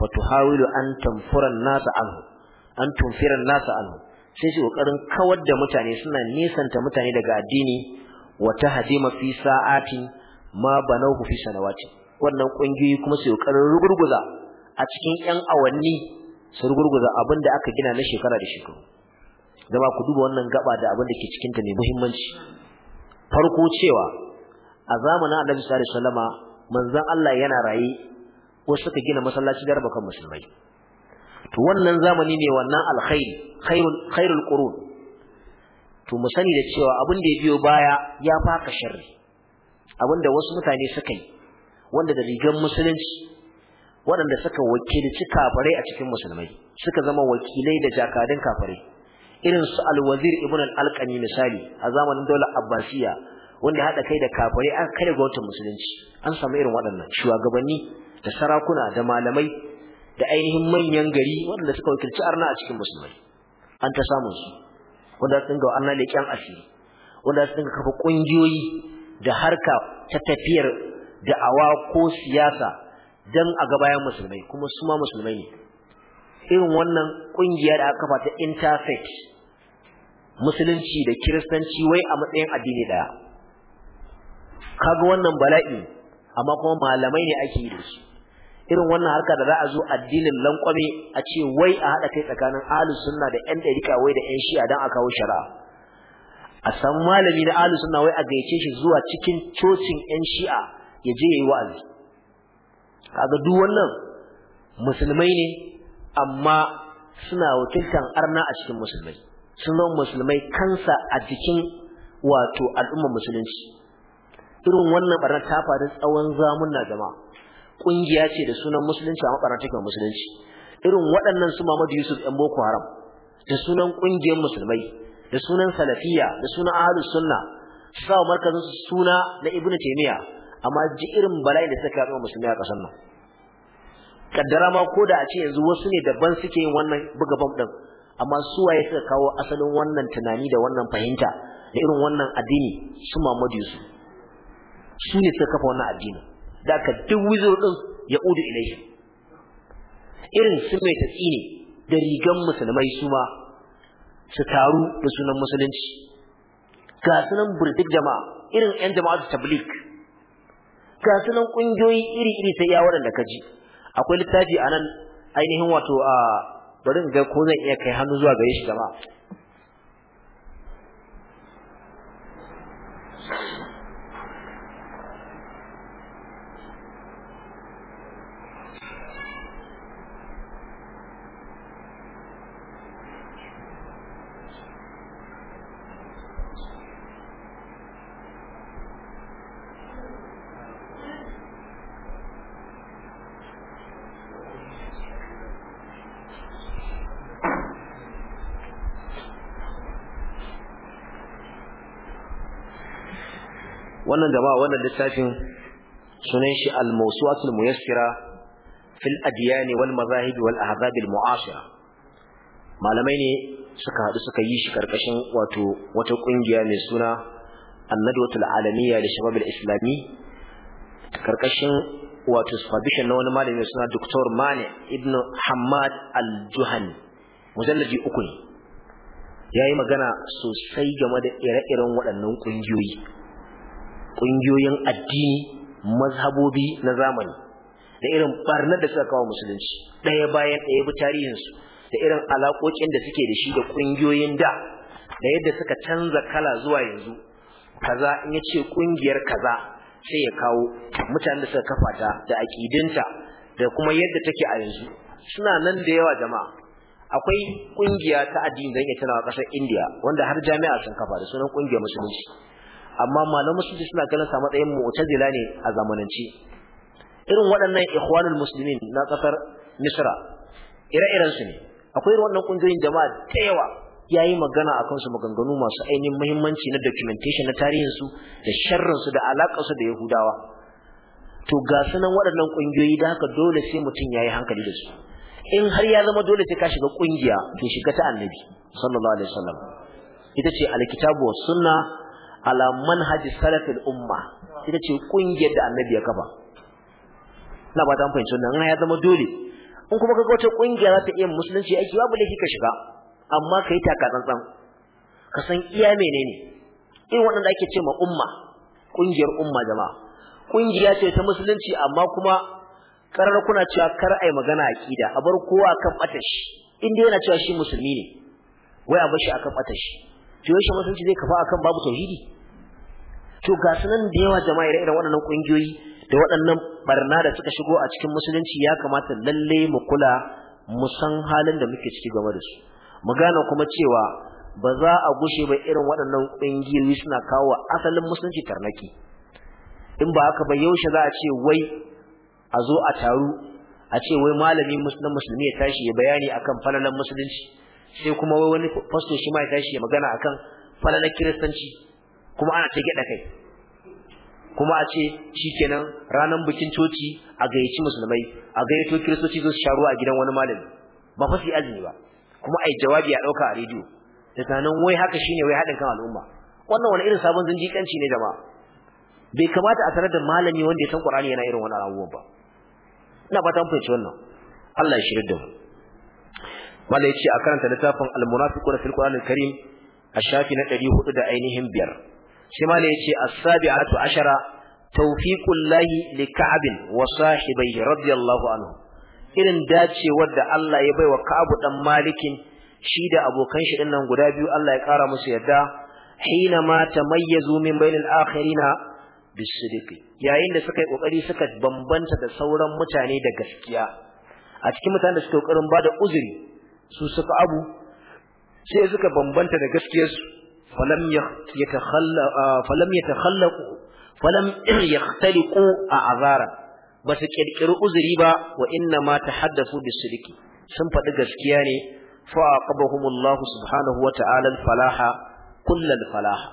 tuhawilu an tamfura nasa anhu an tunfira nasa anhu sai su kokarin kawar da mutane suna nisanta mutane daga addini wa Hadima fi sa'ati ma banahu fi sanawati wannan kungiyoyi kuma su kokarin rugurguza a cikin yan awanni su rugurguza abinda aka gina na shekara da shekaru zama ku duba wannan gaba da abin da ke cikin ta ne muhimmanci farko cewa a zamanin Annabi sallallahu alaihi wasallama manzon Allah yana raye wasu suka gina masallaci garba kan musulmai to wannan zamani ne wannan alkhairi khairul khairul qurun to mu sani da cewa abin da ya biyo baya ya faka sharri da wasu mutane suka yi wanda da rigan musulunci waɗanda suka wakilci kafirai a cikin musulmai suka zama wakilai da jakadun kafirai irin su alwazir ibn al misali a zamanin daular abbasiya wanda hada kai da kafirai an kare gwamnatin musulunci an samu irin waɗannan shugabanni da sarakuna da malamai da ainihin manyan gari waɗanda suka wakilci arna a cikin musulmai an ta samun su wanda sun ga arna leƙen asiri wanda sun kafa ƙungiyoyi da harka ta tafiyar da awa ko siyasa don a ga bayan musulmai kuma su ma musulmai ne irin wannan ƙungiya da aka kafa ta interfaith musulunci da kiristanci wai a matsayin addini ɗaya kaga wannan bala'i amma kuma malamai ne ake yi da su irin wannan harka da za a zo addinin lankwame a ce wai a haɗa kai tsakanin ahlus sunna da ƴan ɗarika wai da ƴan shi'a dan a kawo shari'a a san malami na ahlus sunna wai a gayyace shi zuwa cikin cocin ƴan shi'a ya je yayi wa'azi kaga duk wannan musulmai ne amma suna wakiltar arna a cikin musulmai sun zama musulmai kansa a cikin wato al'ummar musulunci irin wannan barna ta faru tsawon zamun jama'a kungiya ce da sunan musulunci amma barna take musulunci irin waɗannan su Muhammadu Yusuf ɗan Boko Haram da sunan kungiyar musulmai da sunan salafiya da sunan ahlus sunna sa markazin suna na Ibn Taymiyyah amma ji irin bala'i da suka yi musulmi a ƙasar nan kaddara ma ko da a ce yanzu wasu ne daban suke yin wannan buga bam din amma su waye suka kawo asalin wannan tunani da wannan fahimta da irin wannan addini su Muhammadu Yusuf su ne suka kafa wannan addinin? da duk wizir din ya udu ilaihi irin su mai tatsi ne da rigan musulmai su ma su taru da sunan musulunci ga sunan burdik jama'a irin yan jama'atu tabligh ga sunan kungiyoyi iri-iri sai ya waɗanda ka ji akwai littafi a nan ainihin wato a bari in ga ko zan iya kai hannu zuwa gare shi jama'a wannan jama'a wannan littafin sunan shi al-mawsu'atul muyassira fil adyan wal mazahib wal ahzab al mu'asira malamai ne suka hadu suka yi shi karkashin wato wata kungiya mai suna annadwatul alamiyya da shabab al islami karkashin wato supervision na wani malami mai suna Dr. mani ibn Hamad al-Juhani mujallabi uku ne yayi magana sosai game da ire-iren waɗannan kungiyoyi ƙungiyoyin addini mazhabobi na zamani da irin barnar da suka kawo musulunci ɗaya bayan ɗaya bi tarihinsu da irin alaƙoƙin da suke da shi da ƙungiyoyin da da yadda suka canza kala zuwa yanzu kaza in ya ce ƙungiyar kaza sai ya kawo mutanen da suka kafa ta da aƙidinta da kuma yadda take a yanzu suna nan da yawa jama'a akwai ƙungiya ta addini da yake tana a ƙasar indiya wanda har jami'a sun kafa da sunan ƙungiyar musulunci amma malaman musulunci suna ganin sa matsayin mu'tazila ne a zamanance irin waɗannan ikhwanul muslimin na kasar misra ire-iren su ne akwai wannan kungiyoyin jama'a ta yawa yayi magana akan su maganganu masu ainihin muhimmanci na documentation na tarihin su da sharrin su da alakar su da yahudawa to ga sunan waɗannan kungiyoyi da haka dole sai mutum yayi hankali da su in har ya zama dole sai ka shiga kungiya to shiga ta annabi sallallahu alaihi wasallam ita ce alkitabu was sunna ala manhaji salafil umma ita ce kungiyar da annabi ya kafa na ba ta fahimci wannan ya zama dole in kuma ga wata kungiya za ta iya musulunci aiki babu laifi ka shiga amma kai taka tsantsan ka san iya menene irin waɗanda ake ce ma umma kungiyar umma jama'a kungiya ce ta musulunci amma kuma karar kuna cewa kar ai magana akida a bar kowa kan batashi inda yana cewa shi musulmi ne wai a bar shi akan shi. to yaushe musulunci zai kafa akan babu tauhidi to ga sunan da yawa jama'a irin waɗannan kungiyoyi da waɗannan barna da suka shigo a cikin musulunci ya kamata lalle mu kula mu san halin da muke ciki game da su mu gane kuma cewa ba za a gushe ba irin waɗannan kungiyoyi suna kawo wa asalin musulunci tarnaki in ba haka ba yaushe za a ce wai a zo a taru a ce wai malami na musulmi ya tashi ya bayani akan falalan musulunci sai kuma wai wani pastor shi ma ya tashi ya magana akan falalar kiristanci kuma ana ta gyaɗa kai kuma a ce shikenan ranar bikin coci a gayyaci musulmai a gayyato kiristoci zo su sha ruwa a gidan wani malami ba fa sai azumi ba kuma ai jawabi a ɗauka a rediyo da tanan wai haka shine wai haɗin kan al'umma wannan wani irin sabon zinjikanci ne jama'a bai kamata a sanar da malami wanda ya san Qur'ani yana irin wani abubuwan ba ina fatan fahimci wannan Allah ya shirya da mu mala yace a karanta littafin al-munafiquna fil qur'an al-karim a shafi na 400 da ainihin biyar shi mala yace as-sabi'atu ashara tawfiqul lahi li ka'ab wa sahibihi radiyallahu anhu irin dacewar da Allah ya baiwa ka'ab dan malikin shi da abokan shi dinnan guda biyu Allah ya kara musu yadda hina ma tamayyazu min bainal akhirina bisidiki yayin da suka yi kokari suka bambanta da sauran mutane da gaskiya a cikin mutanen da suka kokarin bada uzuri su suka abu sai suka bambanta da gaskiyarsu falam yatakhalla falam yatakhallaqu falam yakhtaliqu a'zara ba su kirkiri uzuri ba wa inna ma tahaddathu bisidiki sun faɗi gaskiya ne fa aqabahumullahu subhanahu wa ta'ala al-falaha kullal falaha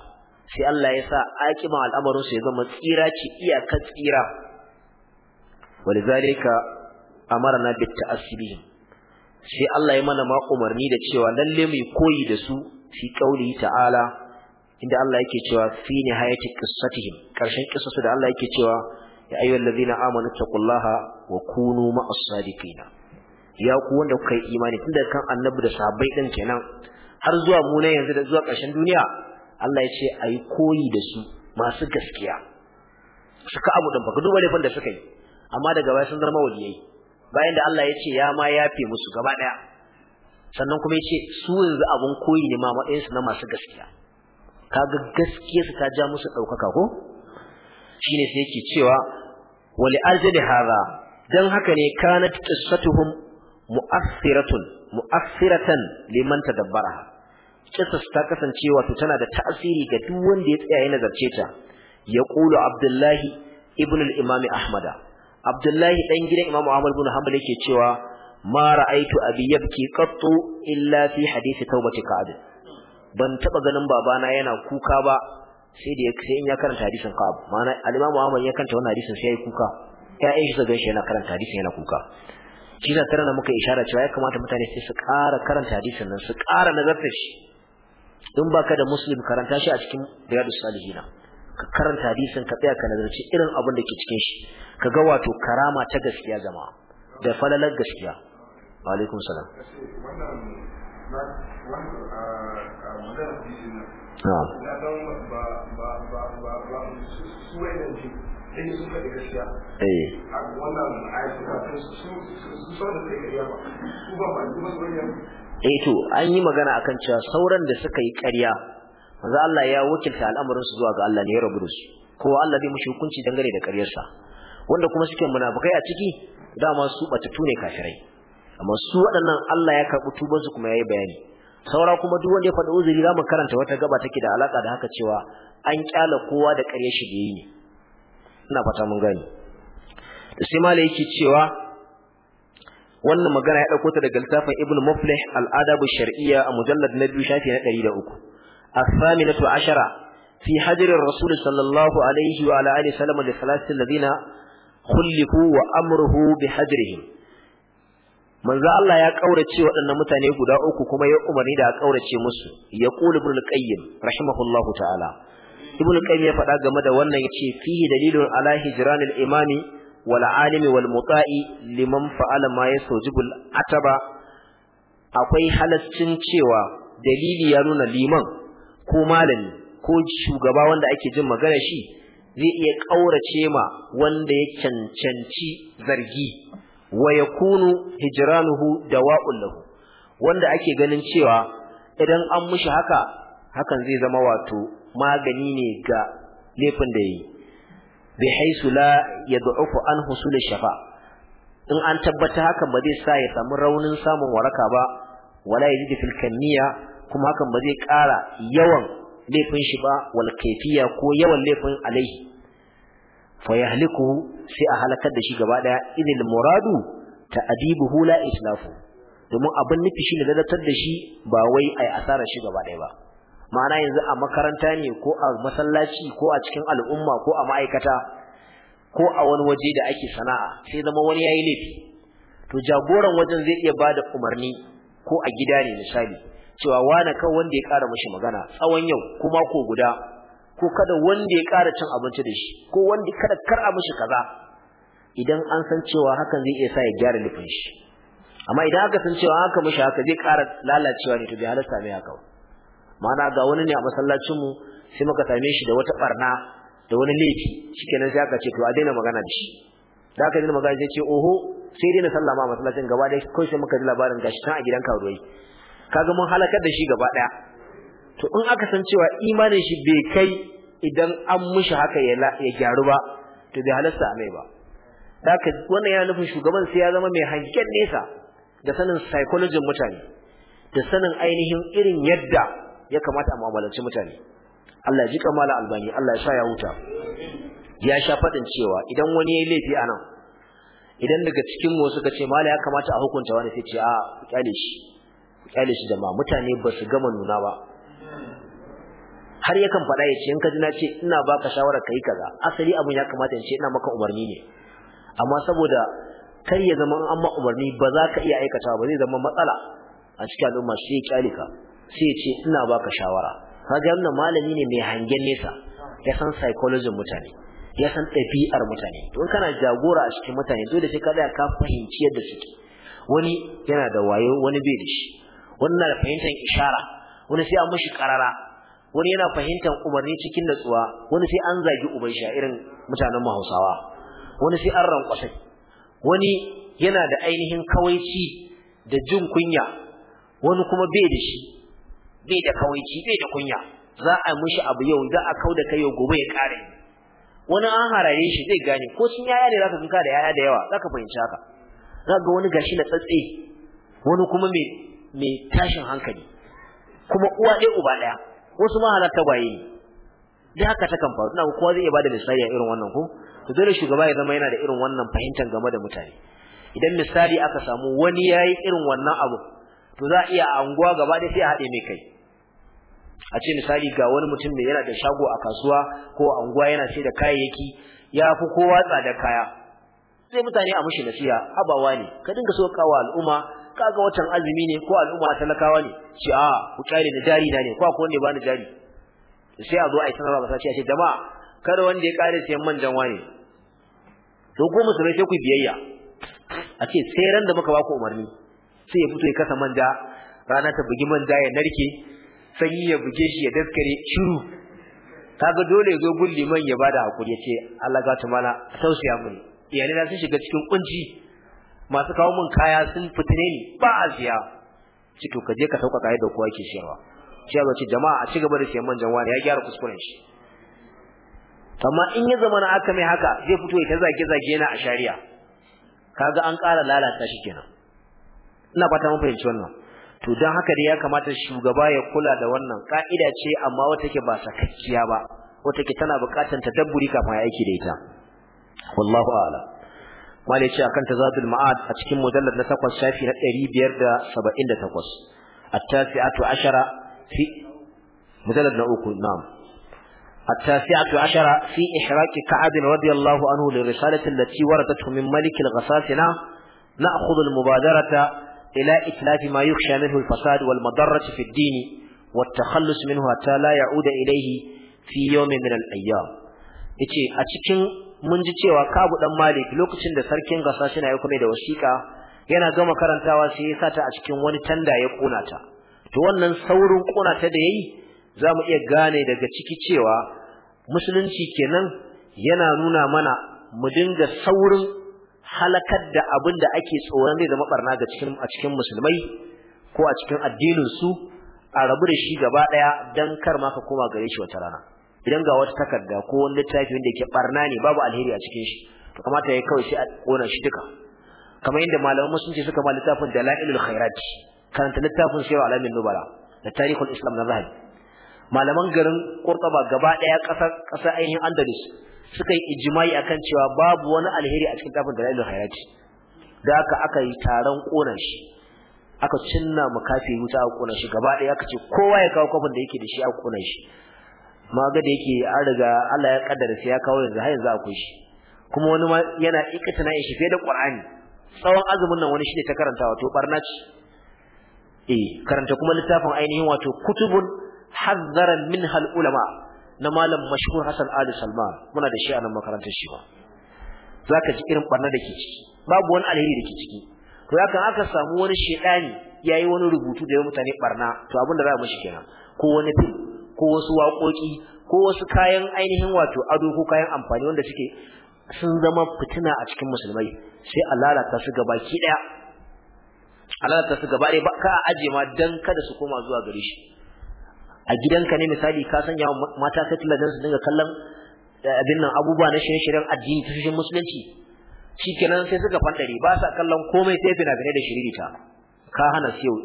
sai Allah ya sa aƙima al'amarin su ya zama tsira ki iyakar tsira walzalika amarna bit ta'assibihim sai Allah ya mana ma da cewa lalle mai koyi da su fi kauli ta'ala inda Allah yake cewa fi nihayati qissatihim karshen kissasu da Allah yake cewa ya ayyuhal ladina amanu taqullaha wa kunu ma'as sadiqin ya ku wanda kuka yi imani tun kan annabi da sahabbai din kenan har zuwa mu na yanzu da zuwa karshen duniya Allah ya ce ayi koyi da su masu gaskiya suka abu dan baka duba laifin da suka yi amma daga baya sun zama waliyai bayan da Allah ya ce ya ma yafe musu gaba daya sannan kuma ya ce su yanzu abun koyi ne ma matsayinsu na masu gaskiya kaga gaskiya su ta ja musu ɗaukaka ko shine sai yake cewa wali ajli hadha dan haka ne kanat qissatuhum mu'affiratun mu'affiratan liman tadabbaraha Kisas ta kasance wato tana da ta'asiri ga duk wanda ya tsaya yana zarce ta yaqulu abdullahi ibn al-imam ahmada Abdullahi dan gidan Imam Ahmad bin Hanbal yake cewa ma ra'aitu abi yabki qattu illa fi hadisi taubati ka'ab ban taba ganin babana yana kuka ba sai da sai in ya karanta hadisin ka'ab ma'ana al-Imam Muhammad ya karanta wannan hadisin sai ya kuka Ya shi zaga shi yana karanta hadisin yana kuka shi da tarana da muka isharar cewa ya kamata mutane sai su ƙara karanta hadisin nan su ƙara nazarta shi in baka da muslim karanta shi a cikin riyadus salihina ka karanta hadisin ka tsaya ka nazarci irin abin da ke cikin shi ka ga wato karama ta gaskiya jama'a da falalar gaskiya wa alaikum salam eh. eh to an yi magana akan cewa sauran da suka yi ƙarya manzo Allah ya wakilta al'amarin su zuwa ga Allah ne ya rabu da su kowa Allah zai mushi hukunci dangane da ƙaryarsa wanda kuma suke munafikai a ciki dama su batattu ne kafirai amma su waɗannan Allah ya karɓi su kuma ya yi bayani saura kuma duk wanda ya faɗi uzuri za mu karanta wata gaba take da alaka da haka cewa an kyala kowa da ƙaryar shi da yi ne ina fata mun gani sai malai yake cewa wannan magana ya ɗauko ta daga littafin ibn muflih al-adab shar'iyya a mujallad na biyu shafi na ɗari da uku الثامنة عشرة في حجر الرسول صلى الله عليه وعلى آله وسلم لثلاثة الذين خلفوا وأمره بحجرهم من ذا الله يا قورتي وأن متاني uku kuma ya umarni da kaurace musu Ya ibn al-qayyim rahimahullahu ta'ala ibn al-qayyim ya faɗa game da wannan yace fihi dalilun ala hijran al-imami wal alimi wal muta'i liman fa'ala ma yasujibul ataba akwai halascin cewa dalili ya nuna liman ko malami ko shugaba wanda ake jin magana shi zai iya ƙaurace ma wanda ya cancanci zargi wa kunu hijranuhu da lahu wanda ake ganin cewa idan an mushi haka hakan zai zama wato magani ne ga laifin da yayi bi haisu la yad'ufu an husul shafa in an tabbata hakan ba zai sa ya samu raunin samun waraka ba wala yajidu fil kamiyya kuma hakan ba zai ƙara yawan laifin shi ba wal kaifiya ko yawan laifin alaihi fa yahliku sai a halakar da shi gaba daya idil muradu adibuhu la islafu domin abin nufi shi ne ladatar da shi ba wai ai asarar shi gaba daya ba ma'ana yanzu a makaranta ne ko a masallaci ko a cikin al'umma ko a ma'aikata ko a wani waje da ake sana'a sai zama wani yayi laifi to jagoran wajen zai iya bada umarni ko a gida ne misali cewa wane kan wanda ya kara mashi magana tsawon yau ko mako guda ko kada wanda ya kara cin abinci da shi ko wanda kada kar a mashi kaza idan an san cewa hakan zai iya sa ya gyara lifin shi amma idan aka san cewa haka mashi haka zai kara lalacewa ne to bai halasta mai haka ba? ma'ana ga wani ne a masallacin mu sai muka same shi da wata barna da wani laifi shikenan sai aka ce to a daina magana da shi da aka daina magana sai ce oho sai daina sallama a masallacin gaba da kai sai muka ji labarin gashi tan a gidan kawai. kaga mun halakar da shi gaba daya to in aka san cewa imanin shi bai kai idan an mushi haka ya ya gyaru ba to bai halasta a mai ba haka wannan ya nufin shugaban sai ya zama mai hangen nesa da sanin psychology mutane da sanin ainihin irin yadda ya kamata a mu'amalanci mutane Allah ya ji kamala albani Allah ya sha ya huta ya sha fadin cewa idan wani yayi laifi anan idan daga cikin mu suka ce mala ya kamata a hukunta wani sai ce a kyale shi kyale shi jama'a mutane ba su gama nuna ba har yakan faɗa ya ce in ka ji ce ina baka shawara kai kaza asali abin ya kamata in ce ina maka umarni ne amma saboda kar ya zama an ma umarni ba za ka iya aikata ba zai zama matsala a cikin al'umma shi ya kyale ka sai ya ce ina baka shawara kaga wannan malami ne mai hangen nesa ya san psychology mutane ya san ɗabi'ar mutane don kana jagora a cikin mutane dole sai ka ka fahimci yadda suke wani yana da wayo wani bai da shi wannan da fahimtar ishara wani sai an mishi karara wani yana fahimtar umarni cikin natsuwa wani sai an zagi uban shi irin mutanen Hausawa wani sai an rankwasai wani yana da ainihin kawaici da jin kunya wani kuma bai da shi bai da kawaici bai da kunya za a mishi abu yau za a kauda kai yau gobe ya kare wani an harare shi zai gane ko sun yaya ne zaka kinka da yaya da yawa zaka fahimci haka zaka ga wani gashi na tsatse wani kuma mai mai tashin hankali kuma uwa ɗaya uba ɗaya wasu ma halatta ne da haka ta kan faru ina ga kowa zai iya bada misali a irin wannan ko to dole shugaba ya zama yana da irin wannan fahimtar game da mutane idan misali aka samu wani ya yi irin wannan abu to za a iya a anguwa gaba ɗaya sai a haɗe mai kai a ce misali ga wani mutum da yana da shago a kasuwa ko a unguwa yana sai da kayayyaki ya fi kowa tsada kaya sai mutane a mushi nasiha abawa ne ka dinga so al'umma kaga watan azumi ne ko al'umma talakawa ne ci a ku kare da jari na ne ko akwai wanda ba bani jari sai a zo a yi sanarwa ba sai a ce jama'a kada wanda ya kare man janwa ne. to ko musulmai sai ku biyayya a ce sai ran da muka ba ku umarni sai ya fito ya kasa manja rana ta bugi manja ya narke sanyi ya buge shi ya daskare shiru kaga dole zo gulli man ya bada hakuri ya ce Allah ga ta mala tausaya mun iyalai na sun shiga cikin kunci masu kawo mun kaya sun fitine ni ba a siya ci to ka je ka sauka kai da kowa ke shirwa shi ce jama'a a cigaba da siyan manjan wani ya gyara kuskuren shi amma in ya zama na aka mai haka zai fito ya zage zage na a shari'a kaga an ƙara lalata shi kenan ina fata mun fahimci wannan to dan haka dai ya kamata shugaba ya kula da wannan ka'ida ce amma wata ke ba sakakkiya ba wata ke tana buƙatar tadabburi kafin ya aiki da ita wallahu a'lam wanda a kan akan ma'ad a cikin mujallad na 8 shafi na 578 at-tasi'atu 10 fi mujallad na 3 na'am at-tasi'atu 10 fi ihraq ka'ab radiyallahu anhu li risalati allati waradat min malik al-ghasasina na'khudh al-mubadarata ila itlafi ma yukhsha minhu al-fasad wal-madarrah fi ad-din wa at-takhallus minhu hatta la ya'uda ilayhi fi yawmin min al-ayyam yace a cikin mun ji cewa Kabu dan Malik lokacin da sarkin gasa shi na yi kuma da wasiƙa yana gama karantawa sai ya sata a cikin wani tanda ya kona ta to wannan saurin kona ta da yayi zamu iya gane daga ciki cewa musulunci kenan yana nuna mana mu dinga saurin halakar da abin da ake tsoron zai zama barna ga cikin a cikin musulmai ko a cikin addinin su a rabu da shi gaba daya dan kar ma ka koma gare shi wata rana idan ga wata takarda ko wani littafi wanda yake barna ne babu alheri a cikin shi to kamata ya kawai shi a kona shi duka kamar yadda malaman ce suka ba littafin dalailul khairat karanta littafin sayyid alamin nubala da tarihul islam na zahabi malaman garin Qurtuba gaba daya kasar kasar ainihin Andalus suka yi ijma'i akan cewa babu wani alheri a cikin littafin dalailul khairat da aka aka yi taron kona shi aka cinna mu kafi wuta a kona shi gaba daya aka ce kowa ya kawo kofin da yake da shi a kona shi ga da yake an riga Allah ya kaddara sai ya kawo yanzu har yanzu akwai shi kuma wani ma yana na shi fiye da Qur'ani tsawon azumin nan wani shi ne ta karanta wato barna ce eh karanta kuma littafin ainihin wato kutubun hazzaran minha ulama na malam mashhur Hassan Ali Salman muna da shi a nan makarantar shi ba zaka ji irin barna da ke ciki babu wani alheri da ke ciki to haka aka samu wani shedani yayi wani rubutu da ya mutane barna to abin da za mu shi kenan ko wani fil ko wasu waƙoƙi ko wasu kayan ainihin wato ado ko kayan amfani wanda suke sun zama fitina a cikin musulmai sai a lalata su gabaki daya a lalata su gaba daya ka aje ma dan kada su koma zuwa gare shi a gidanka ne misali ka sanya mata katila dan su dinga kallon eh, abin nan abubuwa na shirye-shiryen addini ta shirye musulunci shikenan sai suka fandare ba sa kallon komai sai fina-finai da shiririta ka hana su yau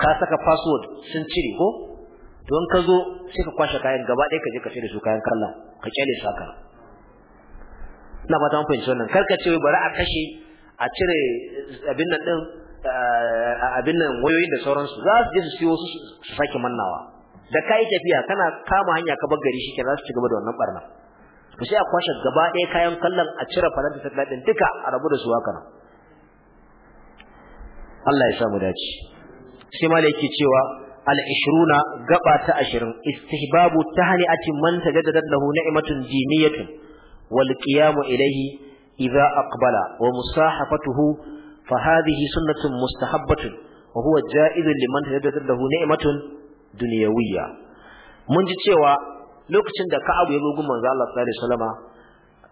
ka saka password sun cire ko to in ka zo sai ka kwashe kayan gaba ɗaya ka je ka sai da su kayan kalla ka kyale su haka ina fata mun fahimci wannan kar ka ce bari a kashe a cire eh, abin nan din eh, wayoyin da sauransu za su je su siyo su sake mannawa da ka yi tafiya kana kama hanya ka bar gari shi ke za su ci gaba da wannan barna ku sai a kwashe gaba ɗaya kayan kallon a cire faranta ta duka a rabu da su haka nan Allah ya samu dace sai ma yake cewa al-20 gaba ta 20 istihbabu tahni'ati man manta lahu ni'matun diniyatun wal qiyam ilayhi idha aqbala wa musahafatuhu fa hadhihi sunnatun mustahabbatun wa huwa ja'izun liman tajaddadat lahu ni'matun dunyawiyya mun ji cewa lokacin da Ka'ab ya gogun manzo Allah sallallahu alaihi wasallama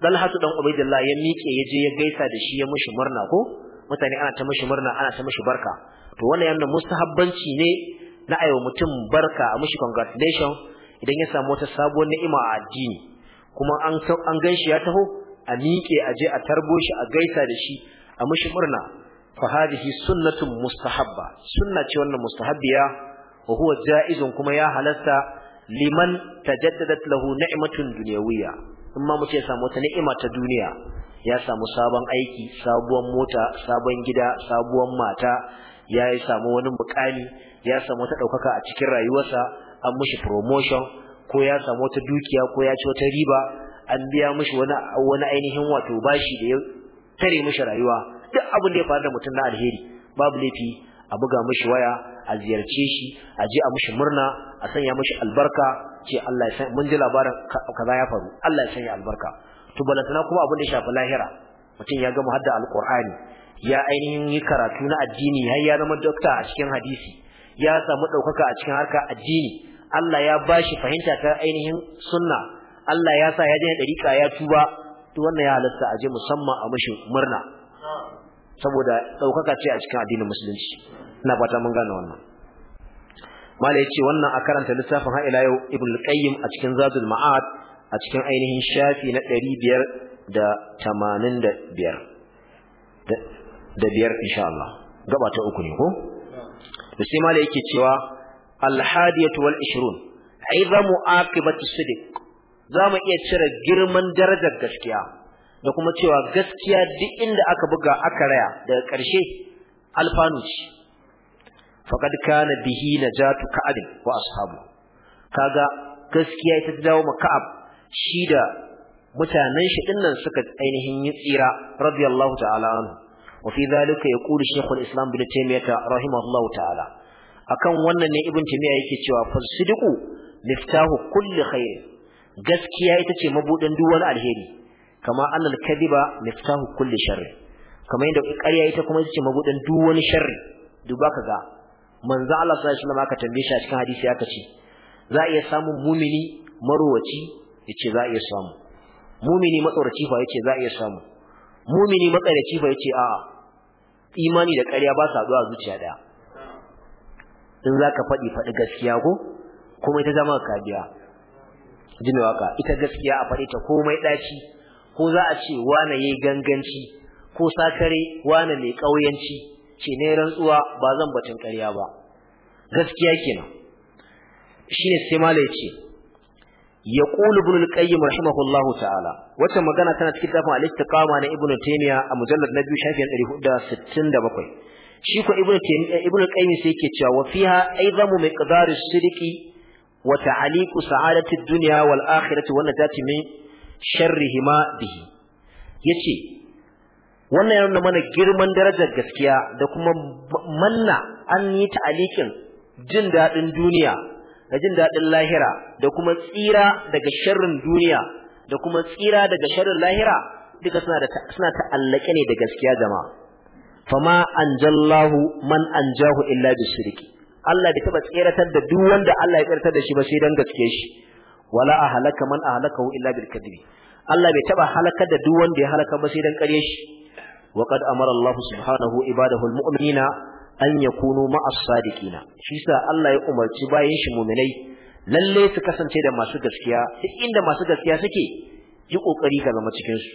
Dalhatu dan Ubaidillah ya miƙe ya je ya gaisa da shi ya mushi murna ko mutane ana ta mushi murna ana ta mushi barka to wannan yana mustahabbanci ne na aiwa mutum barka a mushi congratulation idan ya samu wata sabuwar ni'ima a addini kuma an an ganshi ya taho a miƙe a je a tarbo shi a gaisa da shi a mushi murna fa hadhihi sunnatun mustahabba sunna ce wannan mustahabbiya wa huwa jaizun kuma ya halasta liman tajaddadat lahu ni'matun dunyawiyya in ma mutum ya samu wata ni'ima ta duniya ya samu sabon aiki sabuwar mota sabon gida sabuwar mata ya yi samu wani mukami ya samu wata ɗaukaka a cikin rayuwarsa an mushi promotion ko ya samu wata dukiya ko ya ci wata riba an biya mushi wani wani ainihin wato bashi da ya tare mushi rayuwa duk abin da ya faru da mutum na alheri babu laifi a buga mushi waya a ziyarce shi a je a mushi murna a sanya mushi albarka ce Allah ya san mun ji labarin kaza ya faru Allah ya sanya albarka to balantana kuma abin da ya shafi lahira mutum ya gama hadda alqur'ani ya ainihin yi karatu na addini har ya zama doctor a cikin hadisi ya samu ɗaukaka a cikin harka addini Allah ya ba shi fahimta ta ainihin sunna Allah ya sa ya je dariƙa ya tuba to wannan ya halatta a je musamman a mashi murna saboda ɗaukaka ce a cikin addinin musulunci ina fata mun gane wannan mala ce wannan a karanta lissafin har ila yau ibn qayyim a cikin zadul ma'ad a cikin ainihin shafi na biyar da biyar insha Allah gaba ta uku ne ko to sai yake cewa alhadiyatu wal 20 aizamu aqibatu sidiq zamu iya cire girman darajar gaskiya da kuma cewa gaskiya duk inda aka buga aka raya daga ƙarshe alfanu ce faqad kana bihi najatu ka'ab wa ashabu kaga gaskiya ita ta dawo ka'ab shi da mutanen shi dinnan suka ainihin yi tsira radiyallahu ta'ala anhu وفي ذلك يقول الشيخ الإسلام بن تيمية رحمه الله تعالى akan wannan ne ibn timiya yake cewa fasdiqu miftahu kulli khair gaskiya ita ce mabudin duk wani alheri kama annal kadhiba miftahu kulli sharr kama yadda ita kuma ita ce mabudin duk wani sharri duba kaga manzo Allah sallallahu alaihi wasallam aka tambaye shi a cikin hadisi aka ci. za iya samun mumini marowaci yace za iya samu za iya samu mumini matsalaci bai ce a'a imani da ƙarya ba sa zuwa zuciya daya in zaka faɗi faɗi gaskiya ko kuma ita zama kariya jini waka ita gaskiya a faɗi ta komai ɗaci ko za a ce wane yayi ganganci ko sakare wane mai ƙauyanci ce ne rantsuwa ba zan batun ƙarya ba gaskiya kenan shine sai malai ce يقول ابن القيم رحمه الله تعالى wacce magana tana cikin tafin al-istiqama na ibnu taymiya a mujallar na biyu shafin 467 shi ko ibnu taymiya ibnu qayyim sai yake cewa wa fiha mai miqdar as-sidqi wa ta'liqu sa'adati ad-dunya wal akhirati wa najati min sharrihima bihi yace wannan ya nuna mana girman darajar gaskiya da kuma manna an yi ta alikin jin daɗin duniya da jin daɗin lahira da kuma tsira daga sharrin duniya da kuma tsira daga sharrin lahira duka suna da suna ta'allake ne da gaskiya jama'a fama anjallahu man anjahu illa bisirki Allah bai taba tsiratar da duk wanda Allah ya tsiratar da shi ba sai dan gaskiya shi wala ahlaka man ahlakahu illa bil kadhibi Allah bai taba halakar da duk wanda ya halaka ba sai dan kare shi wa qad amara Allah subhanahu ibadahu al mu'minina an yakunu ma'as sadiqina shi sa Allah ya umarci bayan shi mu'minai lalle su kasance da masu gaskiya duk inda masu gaskiya suke yi kokari ka zama cikin su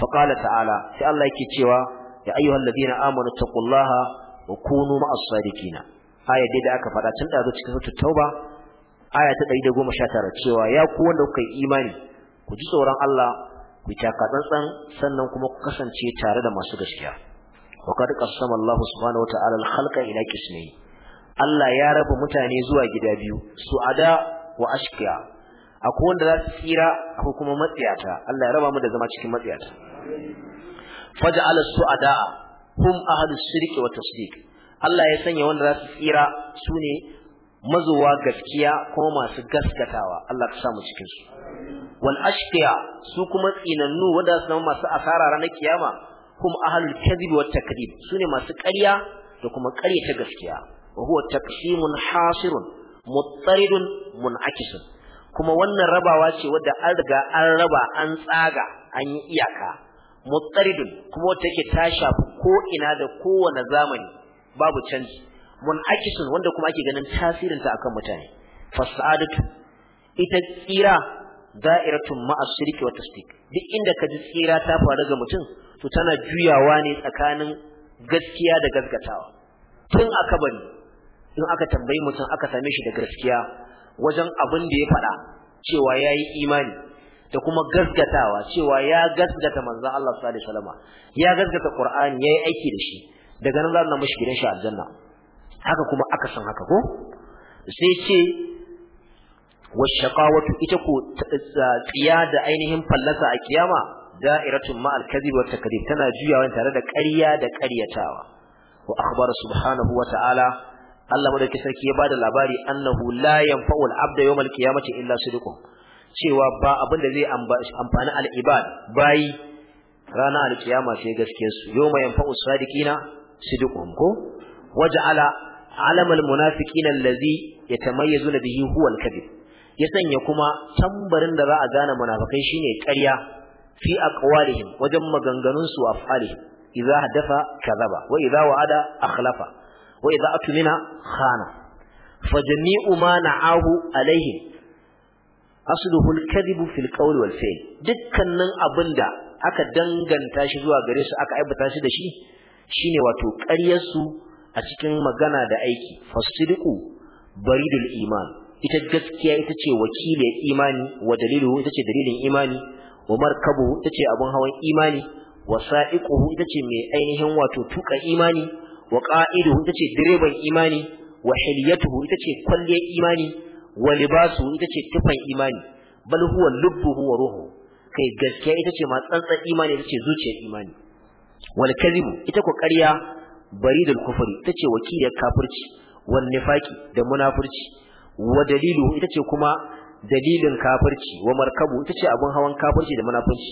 fa qala ta'ala sai Allah yake cewa ya ayyuhal ladina amanu taqullaha wa kunu ma'as sadiqina aya dai da aka faɗa tun da cikin suratul tauba aya ta 119 cewa ya ku wanda kuka yi imani ku ji tsoron Allah ku taka tsantsan sannan kuma ku kasance tare da masu gaskiya wa qad qassama Allah subhanahu wa ta'ala al-khalqa ila qismayn Allah ya raba mutane zuwa gida biyu su'ada wa ashqiya akwai wanda za tsira akwai kuma matsiyata Allah ya raba mu da zama cikin matsiyata faj'ala su'ada hum ahadu shirki wa tasdiq Allah ya sanya wanda za tsira sune mazuwa gaskiya kuma masu gaskatawa Allah ka sa mu cikin su wal ashqiya su kuma tsinannu wanda su zama masu asara ranar kiyama hum ahlul kadhib wat takdib sune masu ƙarya da kuma ƙarya ta gaskiya wa huwa taqsimun hasirun muttaridun munakisun kuma wannan rabawa ce wadda an riga an raba an tsaga an yi iyaka muttaridun kuma wata take ta shafi ko ina da kowane zamani babu canji munakisun wanda kuma ake ganin tasirinta akan mutane fasadatu ita tsira da'iratun ma'a shirki wa tasdiq duk inda ka ji tsira ta faru ga mutum to tana juyawa ne tsakanin gaskiya da gaskatawa tun aka bari in aka tambayi mutum aka same shi da gaskiya wajen abin da ya faɗa cewa ya yi imani da kuma gaskatawa cewa ya gaskata manzon Allah sallallahu alaihi wasallam ya gaskata Qur'ani yayi aiki da shi daga nan za mu mishi gidan shi aljanna haka kuma aka san haka ko sai ce washaqawatu ita ko tsiya da ainihin fallasa a kiyama da'iratun ma al-kadhib wa takdhib tana juyawa tare da ƙarya da ƙaryatawa wa akhbara subhanahu wa ta'ala Allah madaukakin sarki ya da labari annahu la yanfa'u al-'abda yawm illa sidqu cewa ba abin da zai amfani al-ibad bayi ranar al-qiyama sai gaskiyar su yawma yanfa'u sadiqina sidquhum ko waja'ala alamal munafiqina allazi yatamayyazuna bihi huwa al-kadhib ya sanya kuma tambarin da za a gane munafikai shine ƙarya fi aqwalihim wajen maganganun su afali idza hadafa kadaba wa idza wa'ada akhlafa wa idza atmina khana fa jami'u ma na'ahu alayhi asluhu al-kadhib fi al wal fi'l dukkanin abinda aka danganta shi zuwa gare su aka aibata shi da shi shine wato ƙaryar su a cikin magana da aiki fasidiku baridul iman ita gaskiya ita ce wakilin imani wa dalilu ita ce dalilin imani wa markabu ita ce abun hawan imani wa sa'iquhu ita ce mai ainihin wato tuka imani wa qa'iduhu ita ce direban imani wa hiliyatuhu ita ce kwalliyar imani wa libasu ita ce tufan imani bal huwa lubbuhu wa ruhu kai gaskiya ita ce ma tsantsan imani ita ce zuciyar imani wal kadhibu ita ko ƙarya baridul kufri ita ce wakilin kafirci wal nifaki da munafurci wa dalilu ita ce kuma dalilin kafirci wa markabu ita ce abin hawan kafirci da munafunci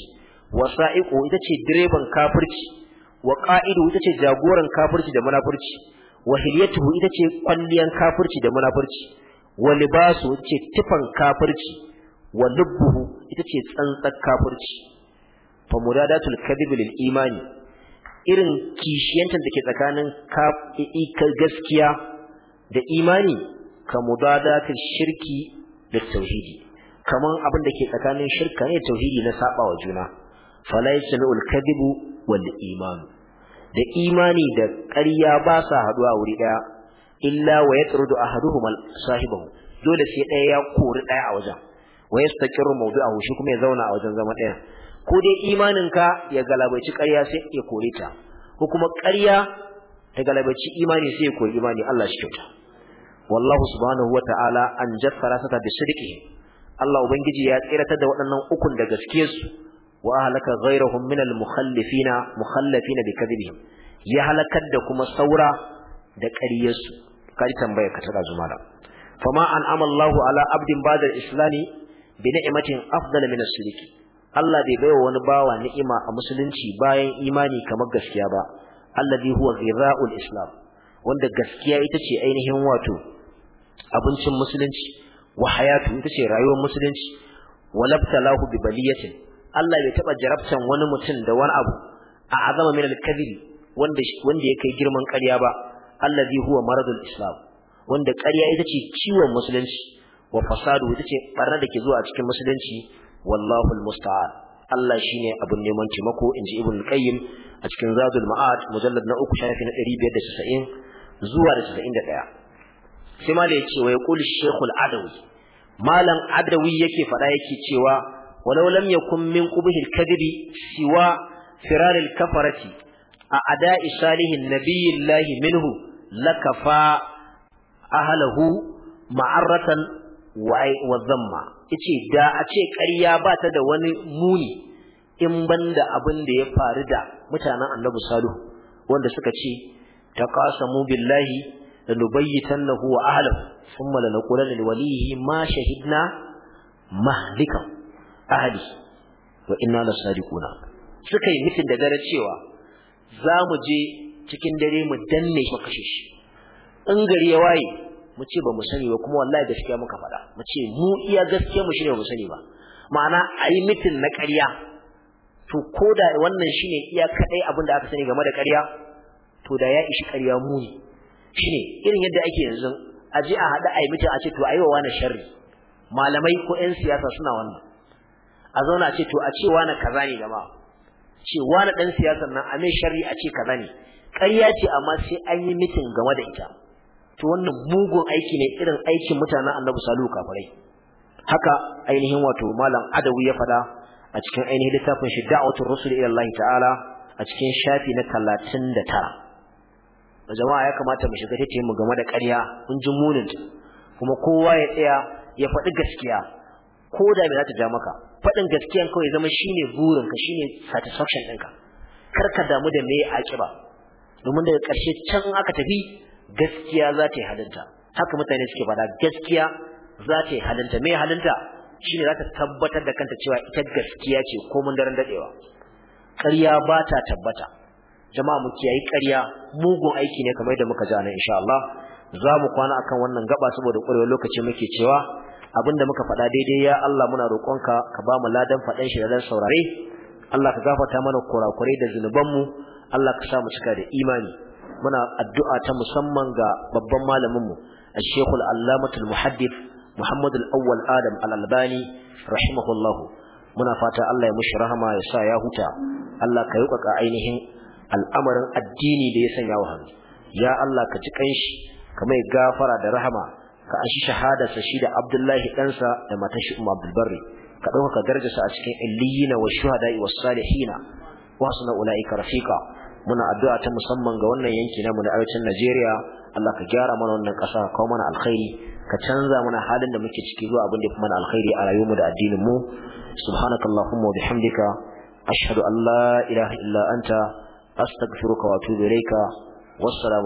wa sa'iqu ita ce direban kafirci wa qa'idu ita ce jagoran kafirci da munafurci wa hilyatuhu ita ce kwalliyan kafirci da munafurci wa libasu ita ce tufan kafirci wa lubbuhu ita ce tsantsar kafirci fa muradatul kadhib lil imani irin kishiyantar da ke tsakanin gaskiya da imani ka mudadatul shirki da tauhidi kaman abin da ke tsakanin shirka ne tauhidi na saba wa juna fala yasluul wal iman da imani da ƙarya ba sa haduwa wuri daya illa wa yatrudu ahaduhum sahibahu dole sai daya ya kori daya a wajen wa yastaqiru mawdu'ahu shi kuma ya zauna a wajen zama daya ko dai imaninka ya galabaci ƙarya sai ya kore ta ko kuma ƙarya ta galabaci imani sai ya kori imani Allah shi kyauta wallahu subhanahu wata'ala an jaffara sata bi shirki Allah ubangiji ya tsiratar da waɗannan ukun da gaskiyar su wa halaka ghayrahum min al mukhallifina mukhallafina bi kadhibihim ya halakar da kuma saura da ƙaryar su kai tambaya ka tada zumala fama an amallahu ala abdin ba'da islami bi ni'matin afdal min ash-shirki Allah bai baiwa wani bawa ni'ima a musulunci bayan imani kamar gaskiya ba alladhi huwa ghidha'ul islam wanda gaskiya ita ce ainihin wato abincin musulunci wa hayatu ita ce rayuwar musulunci wa labtalahu bi baliyatin Allah bai taba jarabtan wani mutum da wani abu a azama min al wanda wanda ya kai girman ƙarya ba allazi huwa maradul islam wanda ƙarya ita ce ciwon musulunci wa fasadu ita ce barna da ke zuwa a cikin musulunci wallahu al Allah shine abun neman taimako inji ibn al-qayyim a cikin zadul ma'ad mujallad na uku shafi na 590 zuwa da 91 sai ma da yace wa yaqul shaykhul adawi malam adawi yake faɗa yake cewa walau lam yakun min qubhil siwa firaril kafarati a ada'i salihin nabiyillahi minhu lakafa ahlahu ma'arratan wa zamma yace da a ce ƙarya ba ta da wani muni in banda abin da ya faru da mutanen Annabi Salihu wanda suka ce taqasamu billahi lanubayyitannahu wa ahlihi thumma lanaqulanna liwalihi ma shahidna mahlika ahli wa inna lasadiquna suka yi mitin da dare cewa za mu je cikin dare mu danne mu kashe shi in gari ya waye mu ce ba mu sani ba kuma wallahi gaskiya muka faɗa mu ce mu iya gaskiya mu shine ba mu sani ba ma'ana a yi mitin na ƙarya to ko da wannan shine iya kaɗai abin da aka sani game da ƙarya to da ya ishi ƙarya muni ne irin yadda ake yanzu a je a haɗa yi mutum a ce to a yi wa wani sharri malamai ko 'yan siyasa suna wannan a zauna a ce to a ce wani kaza ne jama'a ce wani ɗan siyasa nan a mai sharri a ce kaza ne ƙarya ce amma sai an yi mitin game da ita to wannan mugun aiki ne irin aikin mutanen annabi salihu kafirai haka ainihin wato malam adawi ya faɗa a cikin ainihin littafin shi da'watul rusul ila Allah ta'ala a cikin shafi na 39 jama'a ya kamata mu shiga tace mu game da ƙarya mun ji munin kuma kowa ya tsaya ya faɗi gaskiya ko da me za ta ja maka faɗin gaskiyan kawai zama shine burin ka shine satisfaction ɗinka kar ka damu da me kiba domin daga ƙarshe can aka tafi gaskiya za ta yi halinta haka mutane suke faɗa gaskiya za ta yi halinta me halinta shine za ta tabbatar da kanta cewa ita gaskiya ce ko mun daren dadewa ƙarya ba ta tabbata jama'a mu kiyayi ƙarya mugun aiki ne kamar da muka ji nan insha Allah za mu kwana akan wannan gaba saboda ƙwarewar lokaci muke cewa abinda muka faɗa daidai ya Allah muna roƙonka ka ba mu ladan faɗan shi da ladan saurare Allah ka gafarta mana kurakurai da zunubanmu Allah ka sa mu cika da imani muna addu'a ta musamman ga babban malaminmu الشيخ العلامة المحدث محمد الأول adam al رحمه rahimahullahu muna fata Allah ya mushi rahama ya sa ya huta Allah ka yukaka ainihin al'amarin addini da ya sanya wa hannu ya Allah ka ji kanshi ka mai gafara da rahama ka ashi shahadarsa shi da Abdullahi ɗansa da matar shi Umar Abdulbarri ka ɗauka garjasa a cikin illiyina wa shuhada'i was salihina wa sunna ulaika rafiqa muna addu'a ta musamman ga wannan yanki namu na arewacin Najeriya Allah ka gyara mana wannan kasa ka kawo mana alkhairi ka canza mana halin da muke ciki zuwa abin da ya fi mana alkhairi a rayuwarmu da addinin mu subhanakallahumma wa bihamdika ashhadu an la ilaha illa anta astaghfiruka wa atubu ilayka wassalamu